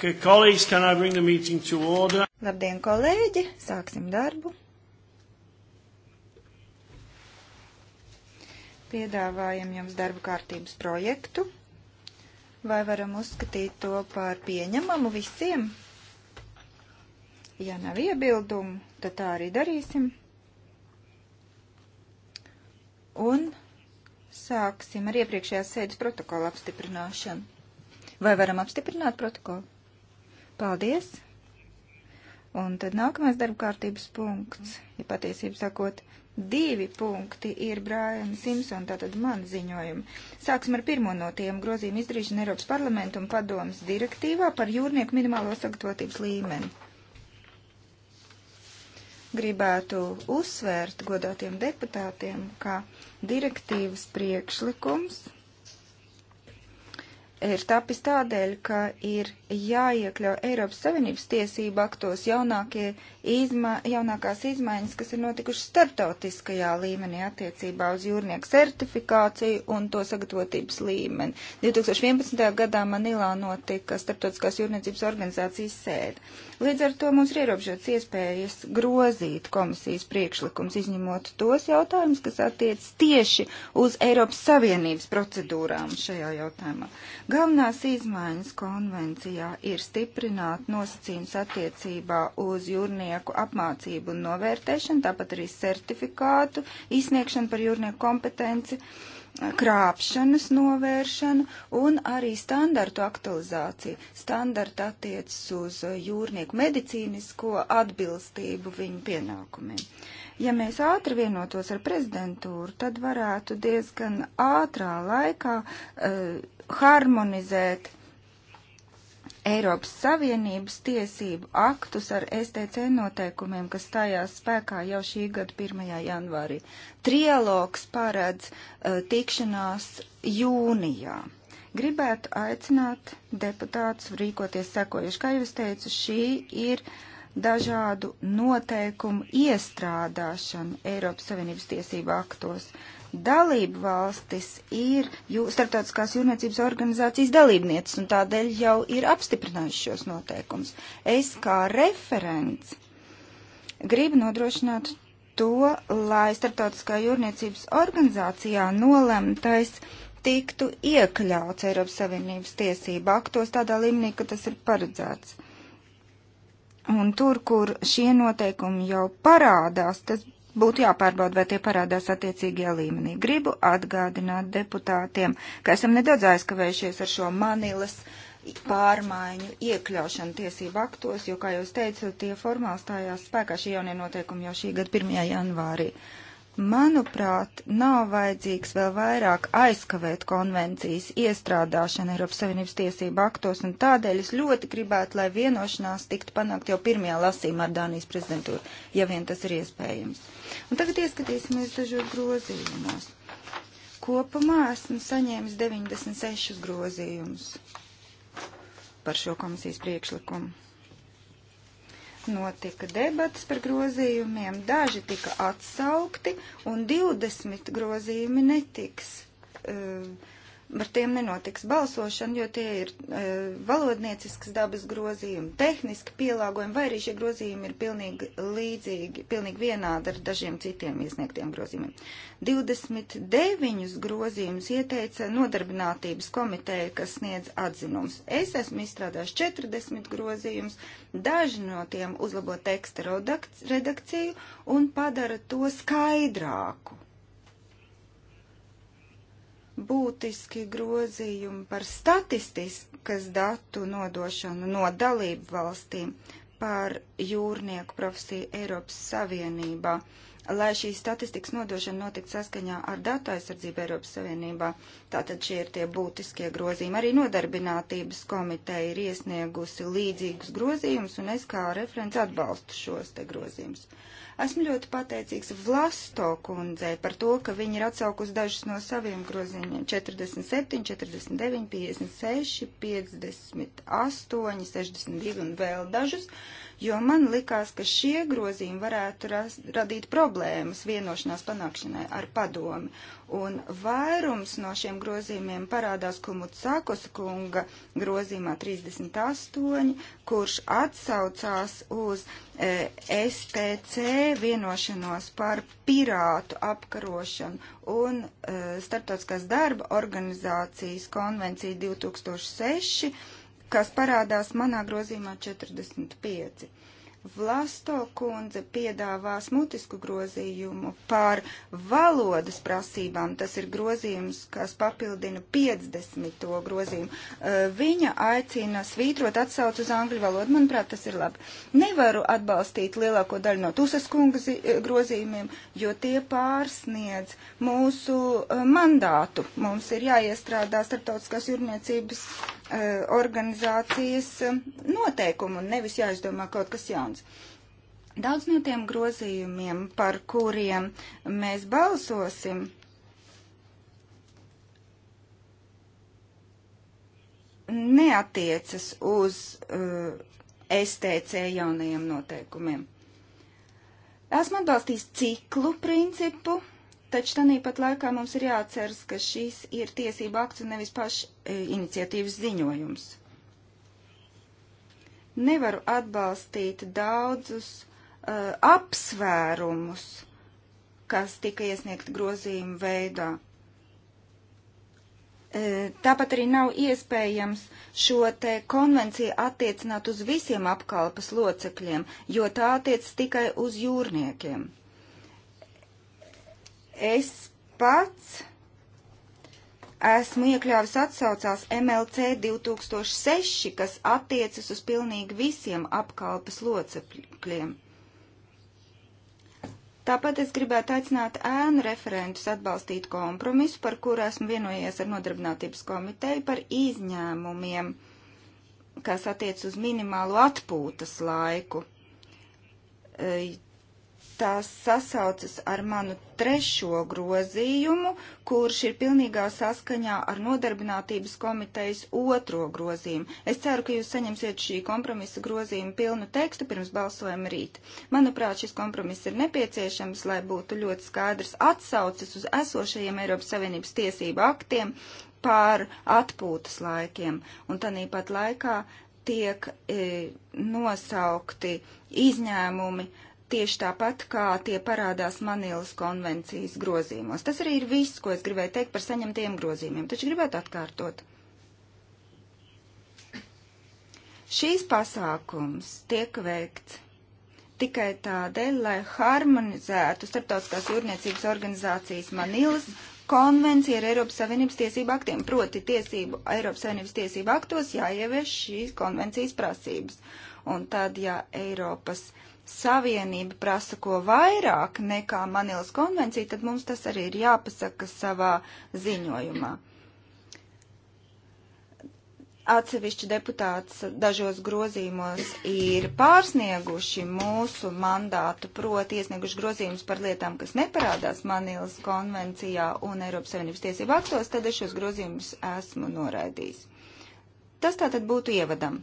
Okay, colleagues, can I bring the meeting to order? Labdien, kolēģi! Sāksim darbu. Piedāvājam jums darba kārtības projektu. Vai varam uzskatīt to par pieņemamu visiem? Ja nav iebildumu, tad tā arī darīsim. Un sāksim ar iepriekšējās sēdes protokola apstiprināšanu. Vai varam apstiprināt protokolu? Paldies! Un tad nākamais darba kārtības punkts, ja patiesību sakot, divi punkti ir Brājana Simpsona, tātad man ziņojumi. Sāksim ar pirmo no tiem grozījumu izdarīšanu Eiropas parlamentu un padomas direktīvā par jūrnieku minimālo sagatavotības līmeni. Gribētu uzsvērt godātiem deputātiem, ka direktīvas priekšlikums ir tapis tādēļ, ka ir jāiekļau Eiropas Savienības tiesību aktos jaunākie izma, jaunākās izmaiņas, kas ir notikušas starptautiskajā līmenī attiecībā uz jūrnieku certifikāciju un to sagatavotības līmeni. 2011. gadā Manilā notika starptautiskās jūrniecības organizācijas sēde. Līdz ar to mums ir ierobežots iespējas grozīt komisijas priekšlikums, izņemot tos jautājumus, kas attiec tieši uz Eiropas Savienības procedūrām šajā jautājumā. Galvenās izmaiņas konvencijā ir stiprināt nosacījums attiecībā uz jūrnieku apmācību un novērtēšanu, tāpat arī certifikātu izsniegšanu par jūrnieku kompetenci. Uh, krāpšanas novēršanu un arī standartu aktualizāciju. Standarta attiecas uz jūrnieku medicīnisko atbilstību viņu pienākumiem. Ja mēs ātri vienotos ar prezidentūru, tad varētu diezgan ātrā laikā uh, harmonizēt Eiropas Savienības tiesību aktus ar STC noteikumiem, kas stājās spēkā jau šī gada 1. janvārī. Trialogs paredz uh, tikšanās jūnijā. Gribētu aicināt deputātus rīkoties sekojuši. Kā jau es teicu, šī ir dažādu noteikumu iestrādāšana Eiropas Savienības tiesību aktos. Uh, Dalību valstis ir jū, starptautiskās jūrniecības organizācijas dalībnieces un tādēļ jau ir apstiprinājuši šos noteikumus. Es kā referents gribu nodrošināt to, lai starptautiskā jūrniecības organizācijā nolemtais tiktu iekļauts Eiropas Savienības tiesību aktos tādā līmenī, ka tas ir paredzēts. Un tur, kur šie noteikumi jau parādās, tas būtu jāpārbauda, vai tie parādās attiecīgajā līmenī. Gribu atgādināt deputātiem, ka esam nedaudz aizkavējušies ar šo Manilas pārmaiņu iekļaušanu tiesību aktos, jo, kā jūs teicat, tie formāli stājās spēkā šī jaunie noteikumi jau šī gada 1. janvārī. Uh, Manuprāt, nav vajadzīgs vēl vairāk aizkavēt konvencijas iestrādāšanu Eiropas Savienības tiesību aktos, un tādēļ es ļoti gribētu, lai vienošanās tiktu panākt jau pirmajā lasīmā ar Dānijas prezidentūru, ja vien tas ir iespējams. Un tagad ieskatīsimies dažos grozījumos. Kopumā esmu saņēmis 96 grozījumus par šo komisijas priekšlikumu. Notika debats par grozījumiem, daži tika atsaukti un 20 grozījumi netiks. Uh, Par tiem nenotiks balsošana, jo tie ir e, valodnieciskas dabas grozījumi, tehniski pielāgojumi, vai arī šie grozījumi ir pilnīgi līdzīgi, pilnīgi vienādi ar dažiem citiem iesniegtiem grozījumiem. 29 grozījumus ieteica nodarbinātības komiteja, kas sniedz atzinums. Es esmu izstrādājis 40 grozījumus, daži no tiem uzlabo teksta redakciju un padara to skaidrāku būtiski grozījumi par statistiskas datu nodošanu no dalību valstīm par jūrnieku profesiju Eiropas Savienībā. Uh, lai šī statistikas nodošana notiktu saskaņā ar datu aizsardzību Eiropas Savienībā. Tātad šie ir tie būtiskie grozījumi. Arī nodarbinātības komiteja ir iesniegusi līdzīgus grozījumus, un es kā referents atbalstu šos te grozījumus. Esmu ļoti pateicīgs Vlasto kundzei par to, ka viņi ir atsaukusi dažus no saviem grozījumiem - 47, 49, 56, 58, 62 un vēl dažus jo man likās, ka šie grozījumi varētu ras, radīt problēmas vienošanās panākšanai ar padomi. Un vairums no šiem grozījumiem parādās Kumutsakos kunga grozījumā 38, kurš atsaucās uz e, STC vienošanos par pirātu apkarošanu un e, Startautiskās darba organizācijas konvenciju 2006 kas parādās manā grozījumā 45. Vlasto kundze piedāvās mutisku grozījumu par valodas prasībām. Tas ir grozījums, kas papildina 50. grozījumu. Viņa aicina svītrot atsaucu uz angļu valodu. Manuprāt, tas ir labi. Nevaru atbalstīt lielāko daļu no Tusas kungas grozījumiem, jo tie pārsniedz mūsu mandātu. Mums ir jāiestrādā starptautiskās jūrniecības E, organizācijas e, noteikumu un nevis jāizdomā kaut kas jauns. Daudz no tiem grozījumiem, par kuriem mēs balsosim, neatiecas uz uh, e, STC jaunajiem noteikumiem. Esmu atbalstījis ciklu principu, Taču tāpat laikā mums ir jāatceras, ka šis ir tiesība akts un nevis paša e, iniciatīvas ziņojums. Nevaru atbalstīt daudzus uh, apsvērumus, kas tika iesniegti grozījuma veidā. Uh, tāpat arī nav iespējams šo te konvenciju attiecināt uz visiem apkalpas locekļiem, jo tā attiec tikai uz jūrniekiem. Es pats esmu iekļāvis atsaucās MLC 2006, kas attiecas uz pilnīgi visiem apkalpes locekļiem. Tāpat es gribētu aicināt ēnu referentus atbalstīt kompromisu, par kuru esmu vienojies ar Nodarbinātības komiteju par izņēmumiem, kas attiec uz minimālo atpūtas laiku tās sasaucas ar manu trešo grozījumu, kurš ir pilnīgā saskaņā ar nodarbinātības komitejas otro grozījumu. Es ceru, ka jūs saņemsiet šī kompromisa grozījuma pilnu tekstu pirms balsojuma rīt. Manuprāt, šis kompromiss ir nepieciešams, lai būtu ļoti skaidrs atsaucis uz esošajiem Eiropas Savienības tiesību aktiem par atpūtas laikiem. Un tanīpat laikā tiek e, nosaukti izņēmumi, e, tieši tāpat, kā tie parādās Manilas konvencijas grozījumos. Tas arī ir viss, ko es gribēju teikt par saņemtiem grozījumiem, taču gribētu atkārtot. Šīs pasākums tiek veikts tikai tādēļ, lai harmonizētu starptautiskās jūrniecības organizācijas Manilas konvencija ar Eiropas Savienības tiesību aktiem, proti tiesību, Eiropas Savienības tiesību aktos jāievieš šīs konvencijas prasības. Un tad, ja Eiropas uh, Savienība prasa ko vairāk nekā Manilas konvencija, tad mums tas arī ir jāpasaka savā ziņojumā. Atsevišķi deputāts dažos grozījumos ir pārsnieguši mūsu mandātu, proti iesnieguši grozījumus par lietām, kas neparādās Manilas konvencijā un Eiropas Savienības tiesību aktos, tad es šos grozījumus esmu noraidījis. Tas tātad būtu ievadam.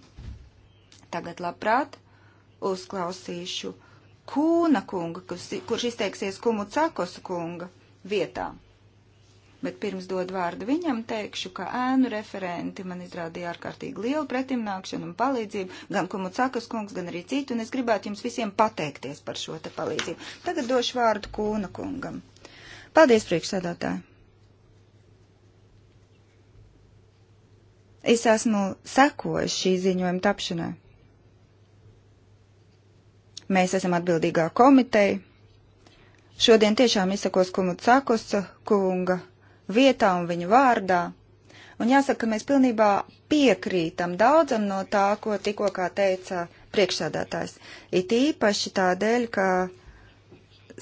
Tagad labprāt uzklausīšu Kūna kunga, kurš, kurš izteiksies Kumu Cakosu kunga vietā. Bet pirms dod vārdu viņam, teikšu, ka ēnu referenti man izrādīja ārkārtīgi lielu pretimnākšanu un palīdzību, gan Kumu Cakas kungs, gan arī citu, un es gribētu jums visiem pateikties par šo te palīdzību. Tagad došu vārdu Kūna kungam. Paldies, priekšsēdētāji! Es esmu sekojis šī ziņojuma tapšanai. Mēs esam atbildīgā komiteja. Šodien tiešām izsakos Kumutsakos kunga vietā un viņa vārdā. Un jāsaka, ka mēs pilnībā piekrītam daudzam no tā, ko tikko kā teica priekšsādātājs. It īpaši tādēļ, ka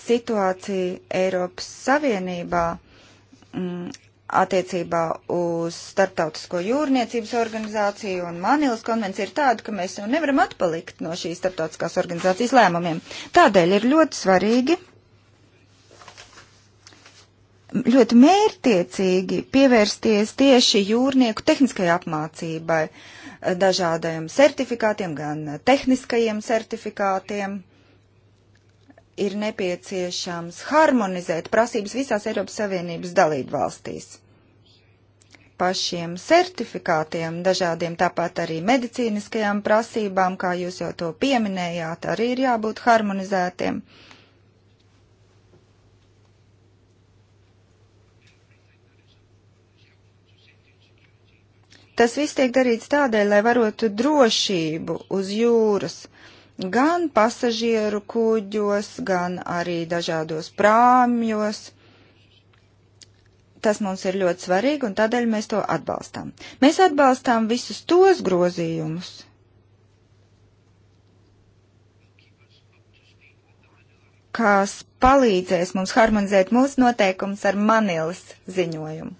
situācija Eiropas Savienībā mm, attiecībā uz Startautisko jūrniecības organizāciju un Manilas konvenciju ir tāda, ka mēs jau nevaram atpalikt no šīs starptautiskās organizācijas lēmumiem. Tādēļ ir ļoti svarīgi ļoti mērtiecīgi pievērsties tieši jūrnieku tehniskai apmācībai, dažādajiem certifikātiem, gan tehniskajiem certifikātiem ir nepieciešams harmonizēt prasības visās Eiropas Savienības dalību valstīs. Pašiem certifikātiem, dažādiem tāpat arī medicīniskajām prasībām, kā jūs jau to pieminējāt, arī ir jābūt harmonizētiem. Tas viss tiek darīts tādēļ, lai varotu drošību uz jūras gan pasažieru kuģos, gan arī dažādos prāmjos. Tas mums ir ļoti svarīgi, un tādēļ mēs to atbalstām. Mēs atbalstām visus tos grozījumus, kas palīdzēs mums harmonizēt mūsu noteikumus ar Manilas ziņojumu.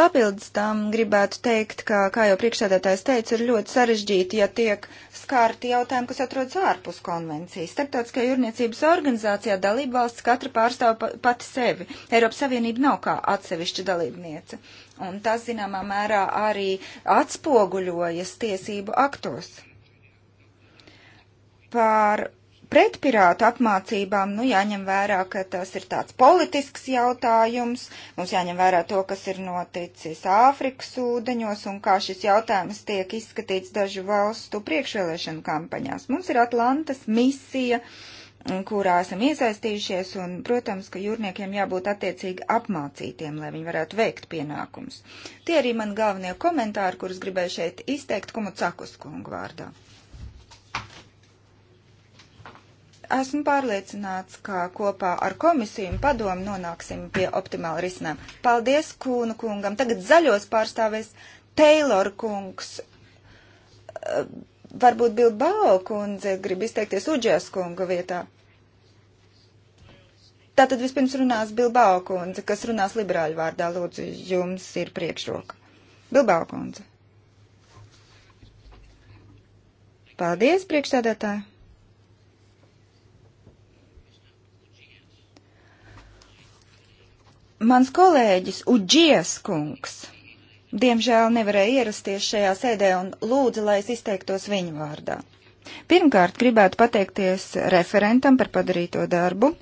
Papildus tam gribētu teikt, ka, kā jau priekšsēdētājs teica, ir ļoti sarežģīti, ja tiek skārti jautājumi, kas atrodas ārpus konvencijas. Starptautiskajā jūrniecības organizācijā dalība valsts katra pārstāv pati sevi. Eiropas Savienība nav kā atsevišķa dalībniece. Un tas, zināmā mērā, arī atspoguļojas tiesību aktos. Par pretpirātu apmācībām, nu, jāņem vērā, ka tas ir tāds politisks jautājums, mums jāņem vērā to, kas ir noticis Āfrikas ūdeņos un kā šis jautājums tiek izskatīts dažu valstu priekšvēlēšanu kampaņās. Mums ir Atlantas misija kurā esam iesaistījušies, un, protams, ka jūrniekiem jābūt attiecīgi apmācītiem, lai viņi varētu veikt pienākums. Tie arī man galvenie komentāri, kurus gribēju šeit izteikt Kumu Cakus kungu vārdā. Esmu pārliecināts, ka kopā ar komisiju un padomu nonāksim pie optimāla risinājuma. Paldies Kūnu kungam. Tagad zaļos pārstāvēs Taylor kungs. Eh, varbūt Bilbao kundze grib izteikties Uģēs kunga vietā. Tātad vispirms runās Bilbao kundze, kas runās liberāļu vārdā. Lūdzu, jums ir priekšroka. Bilbao kundze. Paldies, priekšstādātāji! Mans kolēģis Uģies kungs diemžēl nevarēja ierasties šajā sēdē un lūdza, lai es izteiktos viņa vārdā. Pirmkārt, gribētu pateikties referentam par padarīto darbu,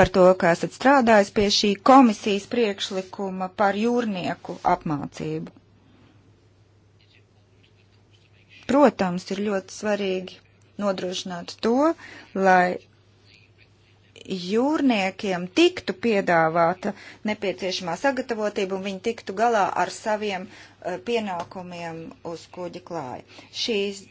par to, kā esat strādājis pie šī komisijas priekšlikuma par jūrnieku apmācību. Protams, ir ļoti svarīgi nodrošināt to, lai jūrniekiem tiktu piedāvāta nepieciešamā sagatavotība un viņi tiktu galā ar saviem eh, pienākumiem uz kuģa klāja. Šīs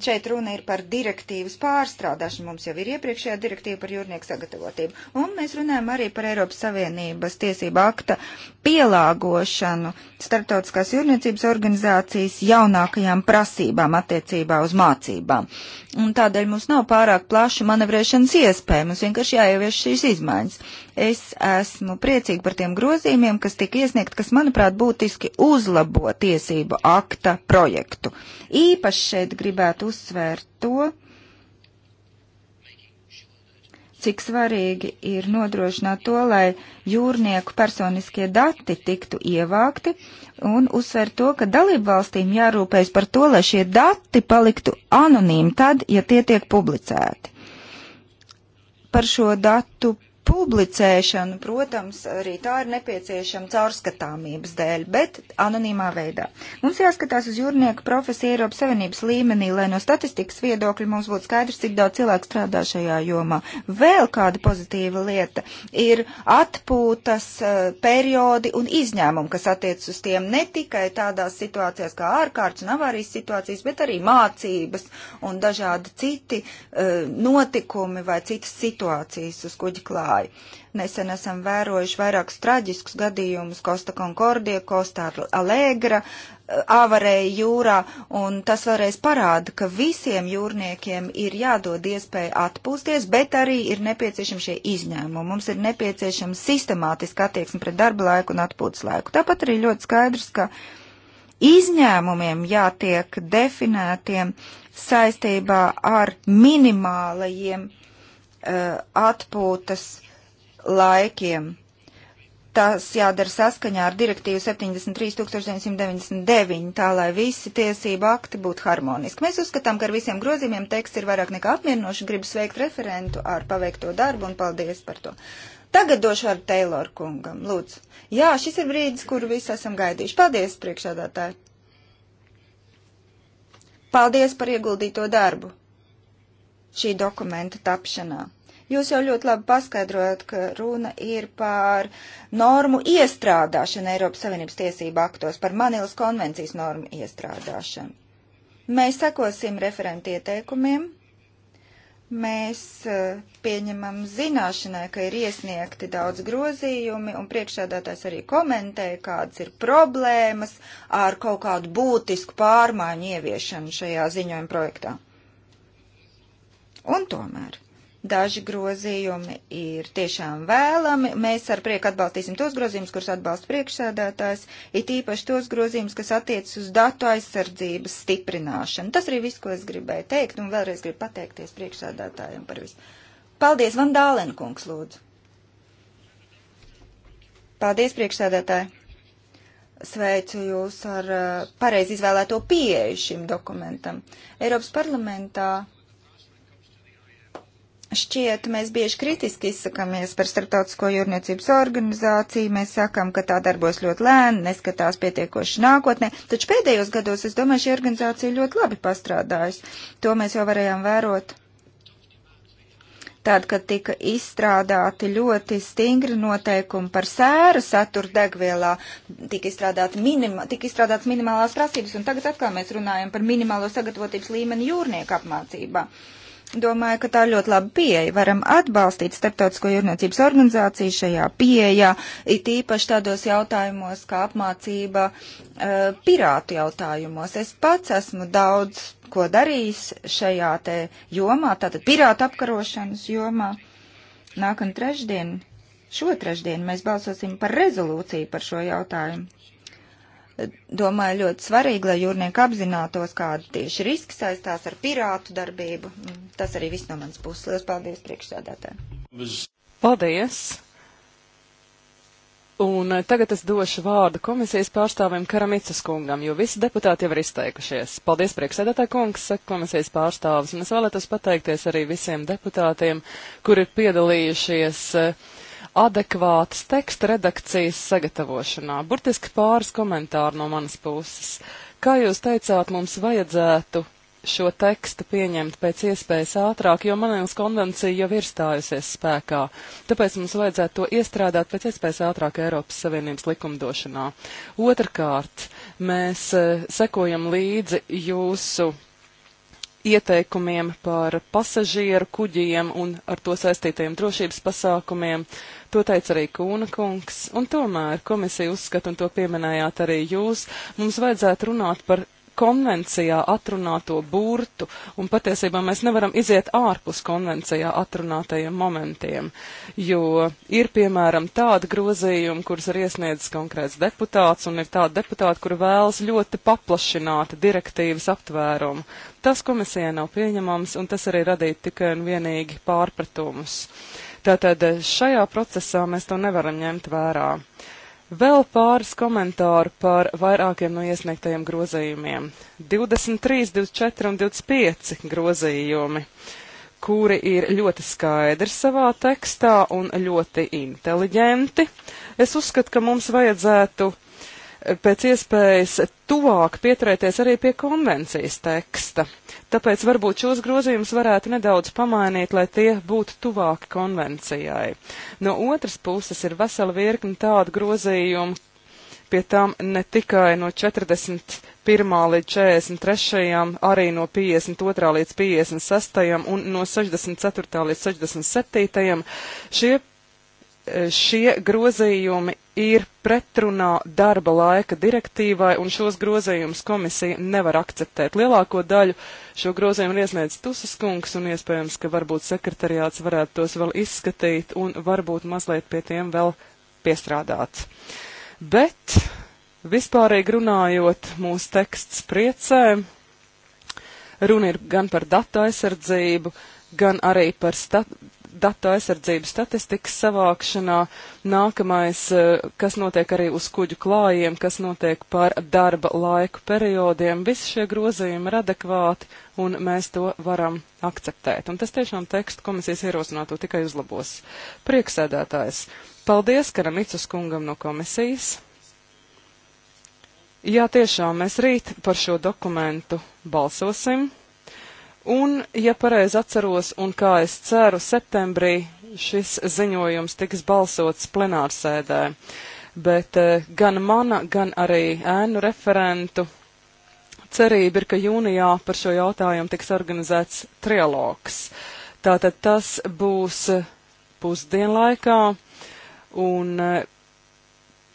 šeit runa ir par direktīvas pārstrādāšanu. Mums jau ir iepriekšējā direktīva par jūrnieku sagatavotību. Un mēs runājam arī par Eiropas Savienības tiesību akta pielāgošanu starptautiskās jūrniecības organizācijas jaunākajām prasībām attiecībā uz mācībām. Un tādēļ mums nav pārāk plaša manevrēšanas iespēja. Mums vienkārši jāievieš šīs izmaiņas. Es esmu priecīgi par tiem grozījumiem, kas tika iesniegt, kas, manuprāt, būtiski uzlabo tiesību akta projektu. Īpaši šeit gribētu uzsvērt to, cik svarīgi ir nodrošināt to, lai jūrnieku personiskie dati tiktu ievākti un uzsver to, ka dalību valstīm jārūpējas par to, lai šie dati paliktu anonīmi tad, ja tie tiek publicēti. Par šo datu publicēšanu, protams, arī tā ir nepieciešama caurskatāmības dēļ, bet anonīmā veidā. Mums jāskatās uz jūrnieku profesiju Eiropas Savienības līmenī, lai no statistikas viedokļa mums būtu skaidrs, cik daudz cilvēku strādā šajā jomā. Vēl kāda pozitīva lieta ir atpūtas eh, periodi un izņēmumi, kas attiec uz tiem ne tikai tādās situācijās kā ārkārtas un avārijas situācijas, bet arī mācības un dažādi citi uh, notikumi vai citas situācijas uz kuģi klāja strādāja. Nesen esam vērojuši vairākus traģiskus gadījumus Kosta Konkordie, Kosta Alegra, eh, avarēja jūrā, un tas vēlreiz parāda, ka visiem jūrniekiem ir jādod iespēja atpūsties, bet arī ir nepieciešami šie izņēmumi. Mums ir nepieciešama sistemātiska attieksme pret darba laiku un atpūtas laiku. Tāpat arī ļoti skaidrs, ka izņēmumiem jātiek definētiem saistībā ar minimālajiem uh, atpūtas laikiem. Tas jādara saskaņā ar direktīvu 73.999, tā lai visi tiesība akti būtu harmoniski. Mēs uzskatām, ka ar visiem grozījumiem teksts ir vairāk nekā apmierinoši. Gribu sveikt referentu ar paveikto darbu un paldies par to. Tagad došu vārdu Taylor kungam, lūdzu. Jā, šis ir brīdis, kuru visi esam gaidījuši. Paldies, priekšādātāji! Paldies par ieguldīto darbu šī dokumenta tapšanā. Jūs jau ļoti labi paskaidrojat, ka runa ir par normu iestrādāšanu Eiropas Savienības tiesību aktos, par Manilas konvencijas normu iestrādāšanu. Mēs sekosim referentu ieteikumiem mēs eh, pieņemam zināšanai, ka ir iesniegti daudz grozījumi, un priekšsēdētājs arī komentēja, kādas ir problēmas ar kaut kādu būtisku pārmaiņu ieviešanu šajā ziņojuma projektā. Un tomēr Daži grozījumi ir tiešām vēlami. Mēs ar prieku atbalstīsim tos grozījumus, kurus atbalsta priekšsēdētājs, it īpaši tos grozījumus, kas attiecas uz datu aizsardzības stiprināšanu. Tas arī viss, ko es gribēju teikt, un vēlreiz gribu pateikties priekšsēdētājiem par visu. Paldies, Vandālēna kungs, lūdzu. Paldies, priekšsēdētāji sveicu jūs ar uh, pareizi izvēlēto pieeju šim dokumentam. Eiropas parlamentā Šķiet, mēs bieži kritiski izsakamies par starptautisko jūrniecības organizāciju, mēs sakam, ka tā darbos ļoti lēni, neskatās pietiekoši nākotnē, taču pēdējos gados, es domāju, šī organizācija ļoti labi pastrādājusi. To mēs jau varējām vērot. Tad, kad tika izstrādāti ļoti stingri noteikumi par sēra saturu degvielā, tika, izstrādāt minima, tika izstrādāts minimālās prasības, un tagad atkal mēs runājam par minimālo sagatavotības līmeni jūrnieku apmācībā. Uh, Domāju, ka tā ir ļoti laba pieeja. Varam atbalstīt starptautisko jūrniecības organizāciju šajā pieejā, it īpaši tādos jautājumos kā apmācība uh, pirātu jautājumos. Es pats esmu daudz ko darījis šajā te jomā, tātad pirātu apkarošanas jomā. Nākamā trešdien, šo trešdien mēs balsosim par rezolūciju par šo jautājumu domāju, ļoti svarīgi, lai jūrnieki apzinātos, kāda tieši riski saistās ar pirātu darbību. Tas arī viss no manas puses. Lielas paldies priekšsēdētājiem. Paldies! Un eh, tagad es došu vārdu komisijas pārstāvim Karamicas kungam, jo visi deputāti jau ir izteikušies. Paldies, priekšsēdētāj kungs, saka komisijas pārstāvis, un es vēlētos pateikties arī visiem deputātiem, kuri ir piedalījušies uh, adekvātas teksta redakcijas sagatavošanā. Burtiski pāris komentāru no manas puses. Kā jūs teicāt, mums vajadzētu šo tekstu pieņemt pēc iespējas ātrāk, jo Manēlas konvencija jau ir stājusies spēkā. Tāpēc mums vajadzētu to iestrādāt pēc iespējas ātrāk Eiropas Savienības likumdošanā. Otrakārt, mēs eh, sekojam līdzi jūsu ieteikumiem par pasažieru kuģiem un ar to saistītajiem drošības pasākumiem. To teica arī Kūna kungs, un tomēr komisija uzskata, un to pieminējāt arī jūs, mums vajadzētu runāt par konvencijā atrunāto burtu, un patiesībā mēs nevaram iziet ārpus konvencijā atrunātajiem momentiem, jo ir, piemēram, tāda grozījuma, kuras ir iesniedzis konkrēts deputāts, un ir tāda deputāta, kura vēlas ļoti paplašināt direktīvas aptvērumu. Tas komisijai nav pieņemams, un tas arī radītu tikai un vienīgi pārpratumus. Tātad šajā procesā mēs to nevaram ņemt vērā. Vēl pāris komentāru par vairākiem no iesniegtajiem grozījumiem. 23, 24 un 25 grozījumi, kuri ir ļoti skaidri savā tekstā un ļoti inteliģenti. Es uzskatu, ka mums vajadzētu pēc iespējas tuvāk pieturēties arī pie konvencijas teksta. Tāpēc varbūt šos grozījumus varētu nedaudz pamainīt, lai tie būtu tuvāki konvencijai. No otras puses ir vesela virkni tādu grozījumu, pie tām ne tikai no 40. 1. līdz 43. arī no 52. līdz 56. un no 64. līdz 67. Šie, šie grozījumi ir pretrunā darba laika direktīvai, un šos grozījumus komisija nevar akceptēt. Lielāko daļu šo grozījumu iesniedz Tusaskungs, un iespējams, ka varbūt sekretariāts varētu tos vēl izskatīt un varbūt mazliet pie tiem vēl piestrādāt. Bet, vispārīgi runājot, mūsu teksts priecē. Runa ir gan par datu aizsardzību, gan arī par stat datu aizsardzības statistikas savākšanā, nākamais, eh, kas notiek arī uz kuģu klājiem, kas notiek par darba laiku periodiem. Visi šie grozījumi ir adekvāti un mēs to varam akceptēt. Un tas tiešām tekstu komisijas ierosināto tikai uzlabos. Prieksēdētājs. Paldies Karamicus kungam no komisijas. Jā, tiešām mēs rīt par šo dokumentu balsosim. Un, ja pareizi atceros, un kā es ceru, septembrī šis ziņojums tiks balsots plenārsēdē. Bet eh, gan mana, gan arī ēnu referentu cerība ir, ka jūnijā par šo jautājumu tiks organizēts trialogs. Tātad tas būs eh, pusdienlaikā, un eh,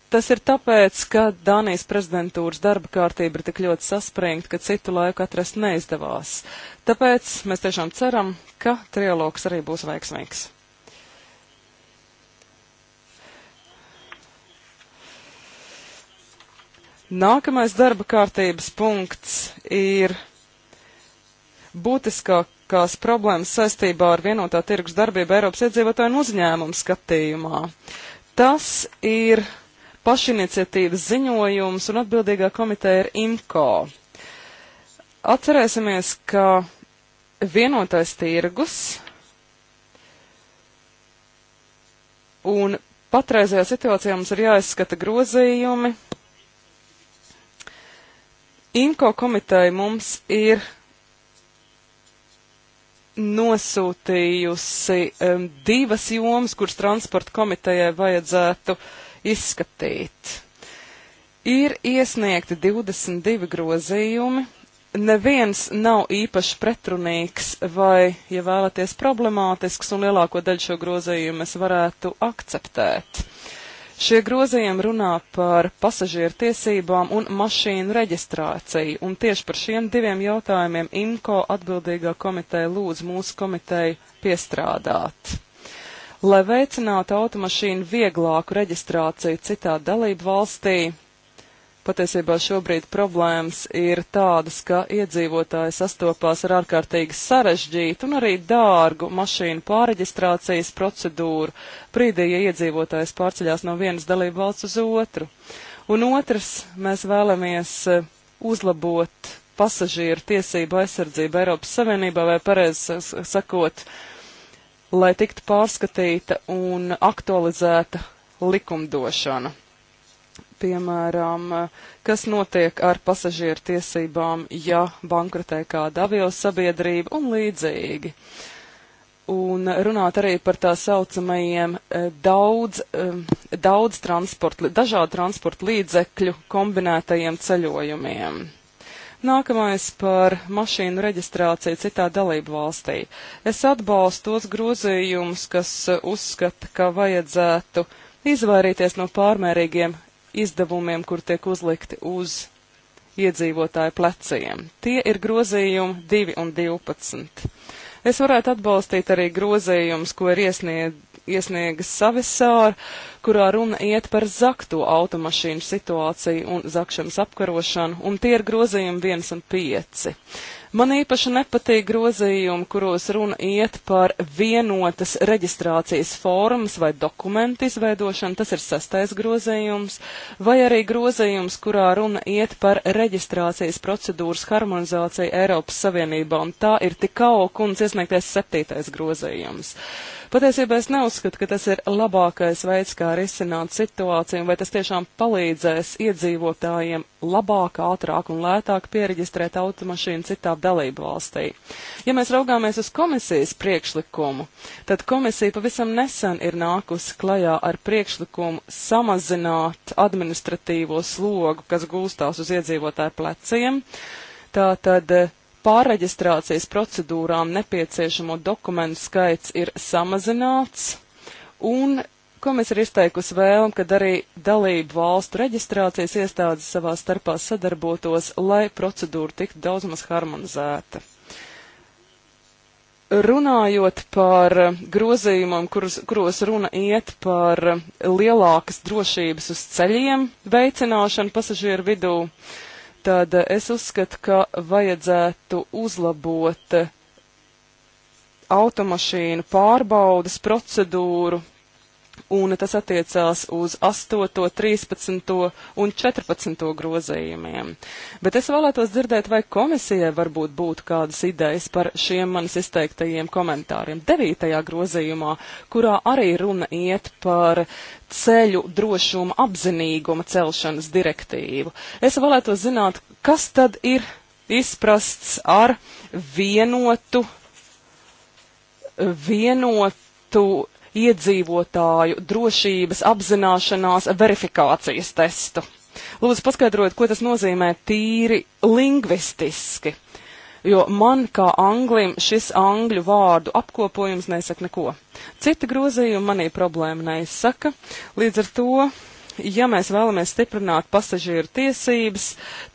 Tas ir tāpēc, ka Dānijas prezidentūras darba kārtība ir tik ļoti saspringta, ka citu laiku atrast neizdevās. Tāpēc mēs tiešām ceram, ka trialogs arī būs veiksmīgs. Nākamais darba kārtības punkts ir būtiskākās problēmas saistībā ar vienotā tirgus darbību Eiropas iedzīvotāju un uzņēmumu skatījumā. Tas ir pašiniciatīvas ziņojums, un atbildīgā komiteja ir IMCO. Atcerēsimies, ka vienotais tirgus un patreizajā situācijā mums ir jāizskata grozījumi. IMCO komiteja mums ir nosūtījusi um, divas jomas, kuras transporta komitejai vajadzētu uh, izskatīt. Ir iesniegti 22 grozījumi, neviens nav īpaši pretrunīgs vai, ja vēlaties, problemātisks, un lielāko daļu šo grozījumu es varētu akceptēt. Šie grozījumi runā par pasažieru tiesībām un mašīnu reģistrāciju, un tieši par šiem diviem jautājumiem IMCO atbildīgā komiteja lūdz mūsu komiteju piestrādāt. Lai veicinātu automašīnu vieglāku reģistrāciju citā dalību valstī, patiesībā šobrīd problēmas ir tādas, ka iedzīvotāji sastopās ar ārkārtīgi sarežģītu un arī dārgu mašīnu pāreģistrācijas procedūru, brīdī, ja iedzīvotājs pārceļās no vienas dalību valsts uz otru. Un otrs, mēs vēlamies eh, uzlabot pasažieru tiesību aizsardzību Eiropas Savienībā vai pareizi sakot, uh, lai tiktu pārskatīta un aktualizēta likumdošana. Piemēram, kas notiek ar pasažieru tiesībām, ja bankrotē kāda avios sabiedrība un līdzīgi. Un runāt arī par tā saucamajiem eh, daudz, eh, daudz transporta, dažādu transporta līdzekļu kombinētajiem ceļojumiem. Nākamais par mašīnu reģistrāciju citā dalību valstī. Es atbalstu tos grozījumus, kas uzskata, ka vajadzētu izvairīties no pārmērīgiem izdevumiem, kur tiek uzlikti uz iedzīvotāju pleciem. Tie ir grozījumi 2 un 12. Es varētu atbalstīt arī grozījumus, ko ir iesniedz, iesniegas savisāru, kurā runa iet par zakto automašīnu situāciju un zakšanas apkarošanu, un tie ir grozījumi 1 un 5. Man īpaši nepatīk grozījumi, kuros runa iet par vienotas reģistrācijas formas vai dokumentu izveidošanu, tas ir sastais grozījums, vai arī grozījums, kurā runa iet par reģistrācijas procedūras harmonizāciju Eiropas Savienībā, un tā ir tikau kundze iesniegtais septītais grozījums. Patiesībā es neuzskatu, ka tas ir labākais veids, kā risināt situāciju, vai tas tiešām palīdzēs iedzīvotājiem labāk, ātrāk un lētāk pieregistrēt automašīnu citā dalību valstī. Ja mēs raugāmies uz komisijas priekšlikumu, tad komisija pavisam nesen ir nākusi klajā ar priekšlikumu samazināt administratīvo slogu, kas gūstās uz iedzīvotāju pleciem. Tātad eh, pārreģistrācijas procedūrām nepieciešamo dokumentu skaits ir samazināts, un Komisija ir izteikusi vēlmu, kad arī dalību valstu reģistrācijas iestādes savā starpā sadarbotos, lai procedūra tiktu daudz maz harmonizēta. Runājot par grozījumam, kuros, kuros runa iet par lielākas drošības uz ceļiem veicināšanu pasažieru vidū, tad es uzskatu, ka vajadzētu uzlabot automašīnu pārbaudas procedūru un tas attiecās uz 8, 13 un 14 grozījumiem. Bet es vēlētos dzirdēt, vai komisijai varbūt būtu kādas idejas par šiem manis izteiktajiem komentāriem. 9. grozījumā, kurā arī runa iet par ceļu drošuma apzinīguma celšanas direktīvu. Es vēlētos zināt, kas tad ir izprasts ar vienotu, vienotu iedzīvotāju drošības apzināšanās verifikācijas testu. Lūdzu, paskaidrojiet, ko tas nozīmē tīri lingvistiski, jo man kā anglim šis angļu vārdu apkopojums nesaka neko. Cita grozījuma manī problēma neizsaka, līdz ar to ja mēs vēlamies stiprināt pasažieru tiesības,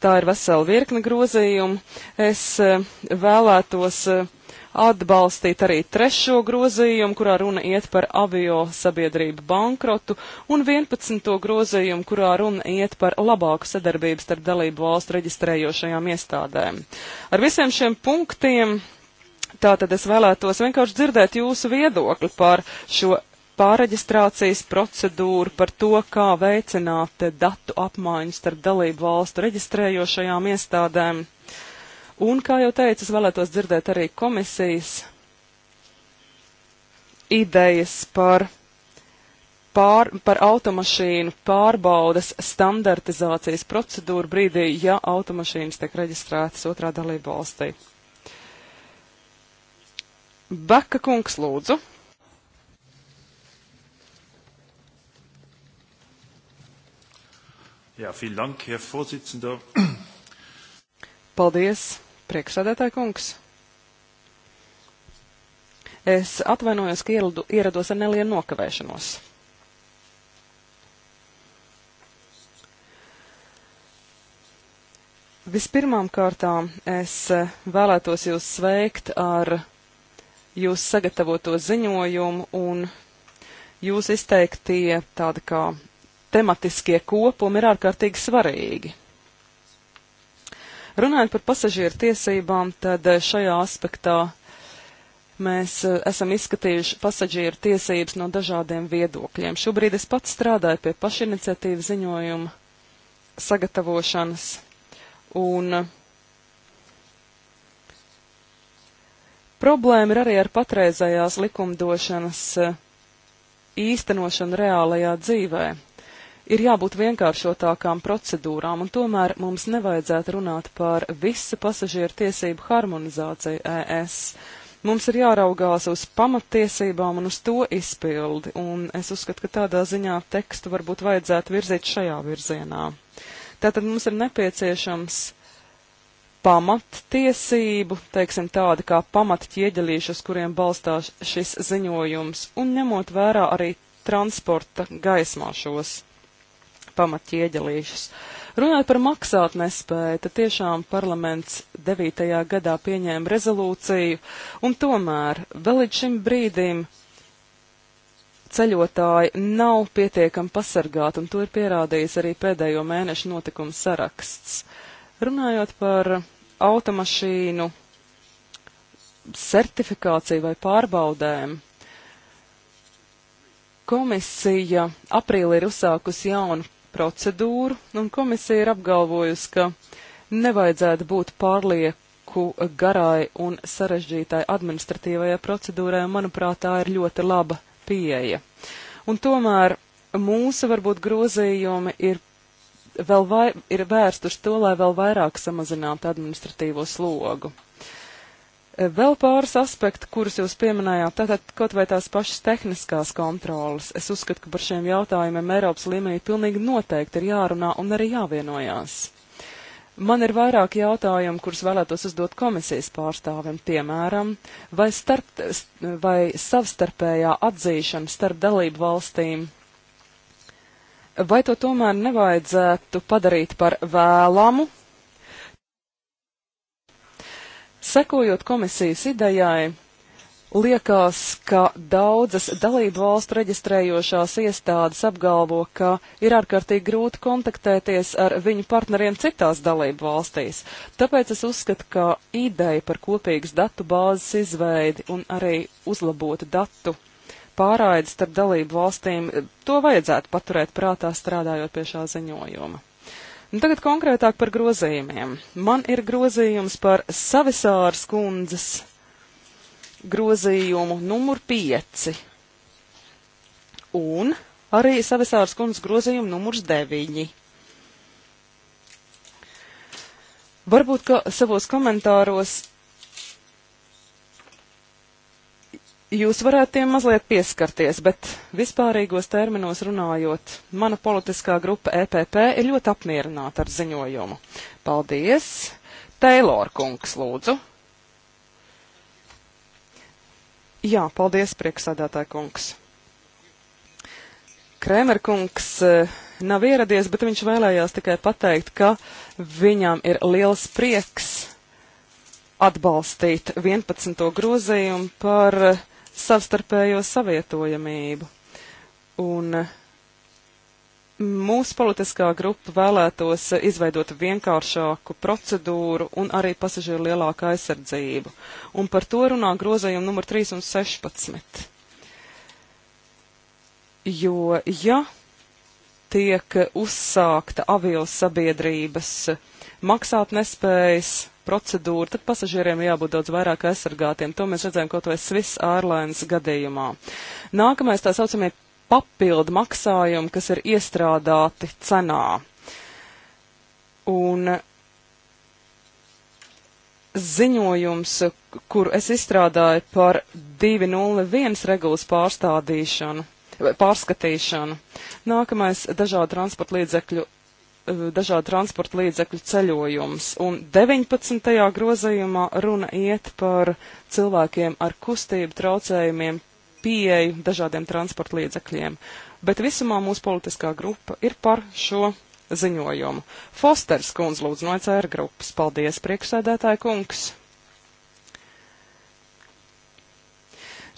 tā ir vesela virkne grozījumu, es eh, vēlētos eh, atbalstīt arī trešo grozījumu, kurā runa iet par avio sabiedrību bankrotu, un 11. grozījumu, kurā runa iet par labāku sadarbību starp dalību valstu reģistrējošajām iestādēm. Ar visiem šiem punktiem tātad es vēlētos vienkārši dzirdēt jūsu viedokli par šo pārreģistrācijas procedūru, par to, kā veicināt datu apmaiņu starp dalību valstu reģistrējošajām iestādēm. Un, kā jau teicu, es vēlētos dzirdēt arī komisijas idejas par, pār, par automašīnu pārbaudas standartizācijas procedūru brīdī, ja automašīnas tiek reģistrētas otrā dalība valstī. Beka kungs lūdzu. Jā, ja, vielen Dank, Herr Vorsitzender. Paldies, Priekšsēdētāja kungs. Es atvainojos, ka ieldu, ierados ar nelielu nokavēšanos. Vispirmām kārtām es e, vēlētos jūs sveikt ar jūs sagatavoto ziņojumu un jūs izteiktie tādi kā tematiskie kopumi ir ārkārtīgi svarīgi. Runājot par pasažieru tiesībām, tad eh, šajā aspektā mēs eh, esam izskatījuši pasažieru tiesības no dažādiem viedokļiem. Šobrīd es pats strādāju pie pašiniciatīvas ziņojuma sagatavošanas un eh, problēma ir arī ar patreizējās likumdošanas īstenošanu reālajā dzīvē ir jābūt vienkāršotākām procedūrām, un tomēr mums nevajadzētu runāt par visu pasažieru tiesību harmonizāciju ES. Mums ir jāraugās uz pamattiesībām un uz to izpildi, un es uzskatu, ka tādā ziņā tekstu varbūt vajadzētu virzīt šajā virzienā. Tātad mums ir nepieciešams pamattiesību, teiksim tādi kā pamatķieģelīši, uz kuriem balstās šis ziņojums, un ņemot vērā arī transporta gaismā šos pamatķieģelīšas. Runājot par maksāt nespēju, tad tiešām parlaments 9. gadā pieņēma rezolūciju, un tomēr vēl līdz šim brīdim ceļotāji nav pietiekami pasargāti, un to ir pierādījis arī pēdējo mēnešu notikumu saraksts. Runājot par automašīnu certifikāciju vai pārbaudēm, komisija aprīlī ir uzsākusi jaunu procedūru, un komisija ir apgalvojusi, ka nevajadzētu būt pārlieku garai un sarežģītai administratīvajai procedūrai, un manuprāt, tā ir ļoti laba pieeja. Un tomēr mūsu varbūt grozījumi ir vēl vai, ir vērst uz to, lai vēl vairāk samazinātu administratīvo slogu. Eh, vēl pāris aspekti, kurus jūs pieminējāt, tātad kaut vai tās pašas tehniskās kontrolas. Es uzskatu, ka par šiem jautājumiem Eiropas līmenī pilnīgi noteikti ir jārunā un arī jāvienojās. Man ir vairāk jautājumu, kurus vēlētos uzdot komisijas pārstāvim, piemēram, vai, starp, vai savstarpējā atzīšana starp dalību valstīm, vai to tomēr nevajadzētu padarīt par vēlamu Sekojot komisijas idejai, Liekas, ka daudzas dalību valstu reģistrējošās iestādes apgalvo, ka ir ārkārtīgi grūti kontaktēties ar viņu partneriem citās dalību valstīs. Tāpēc es uzskatu, ka ideja par kopīgas datu bāzes izveidi un arī uzlabotu datu pārraides starp dalību valstīm, to vajadzētu paturēt prātā strādājot pie šā ziņojuma. Un tagad konkrētāk par grozījumiem. Man ir grozījums par Savisāras kundzes grozījumu numur 5 un arī Savisāras kundzes grozījumu numurs 9. Varbūt, ka savos komentāros Jūs varētu tiem mazliet pieskarties, bet vispārīgos terminos runājot, mana politiskā grupa EPP ir ļoti apmierināta ar ziņojumu. Paldies! Teilor kungs, lūdzu! Jā, paldies, prieksādātāja kungs! Krēmer kungs eh, nav ieradies, bet viņš vēlējās tikai pateikt, ka viņam ir liels prieks atbalstīt 11. grozījumu par uh, savstarpējo savietojamību. Un eh, mūsu politiskā grupa vēlētos izveidot vienkāršāku procedūru un arī pasažieru lielāku aizsardzību. Un par to runā grozējumi numur 3 un 16. Jo, ja tiek uzsākta avio sabiedrības maksāt nespējas procedūru, tad pasažieriem jābūt daudz vairāk aizsargātiem. To mēs redzējām kaut vai Swiss Airlines gadījumā. Nākamais tā saucamie papildu maksājumi, kas ir iestrādāti cenā. Un ziņojums, kur es izstrādāju par 201 regulas pārstādīšanu, pārskatīšanu. Nākamais dažādu transporta līdzekļu Eh, dažādu transporta līdzekļu ceļojums. Un 19. grozījumā runa iet par cilvēkiem ar kustību traucējumiem pieeju dažādiem transporta līdzekļiem. Bet visumā mūsu politiskā grupa ir par šo ziņojumu. Fosters kundz lūdzu no ECR grupas. Paldies, priekšsēdētāja kungs!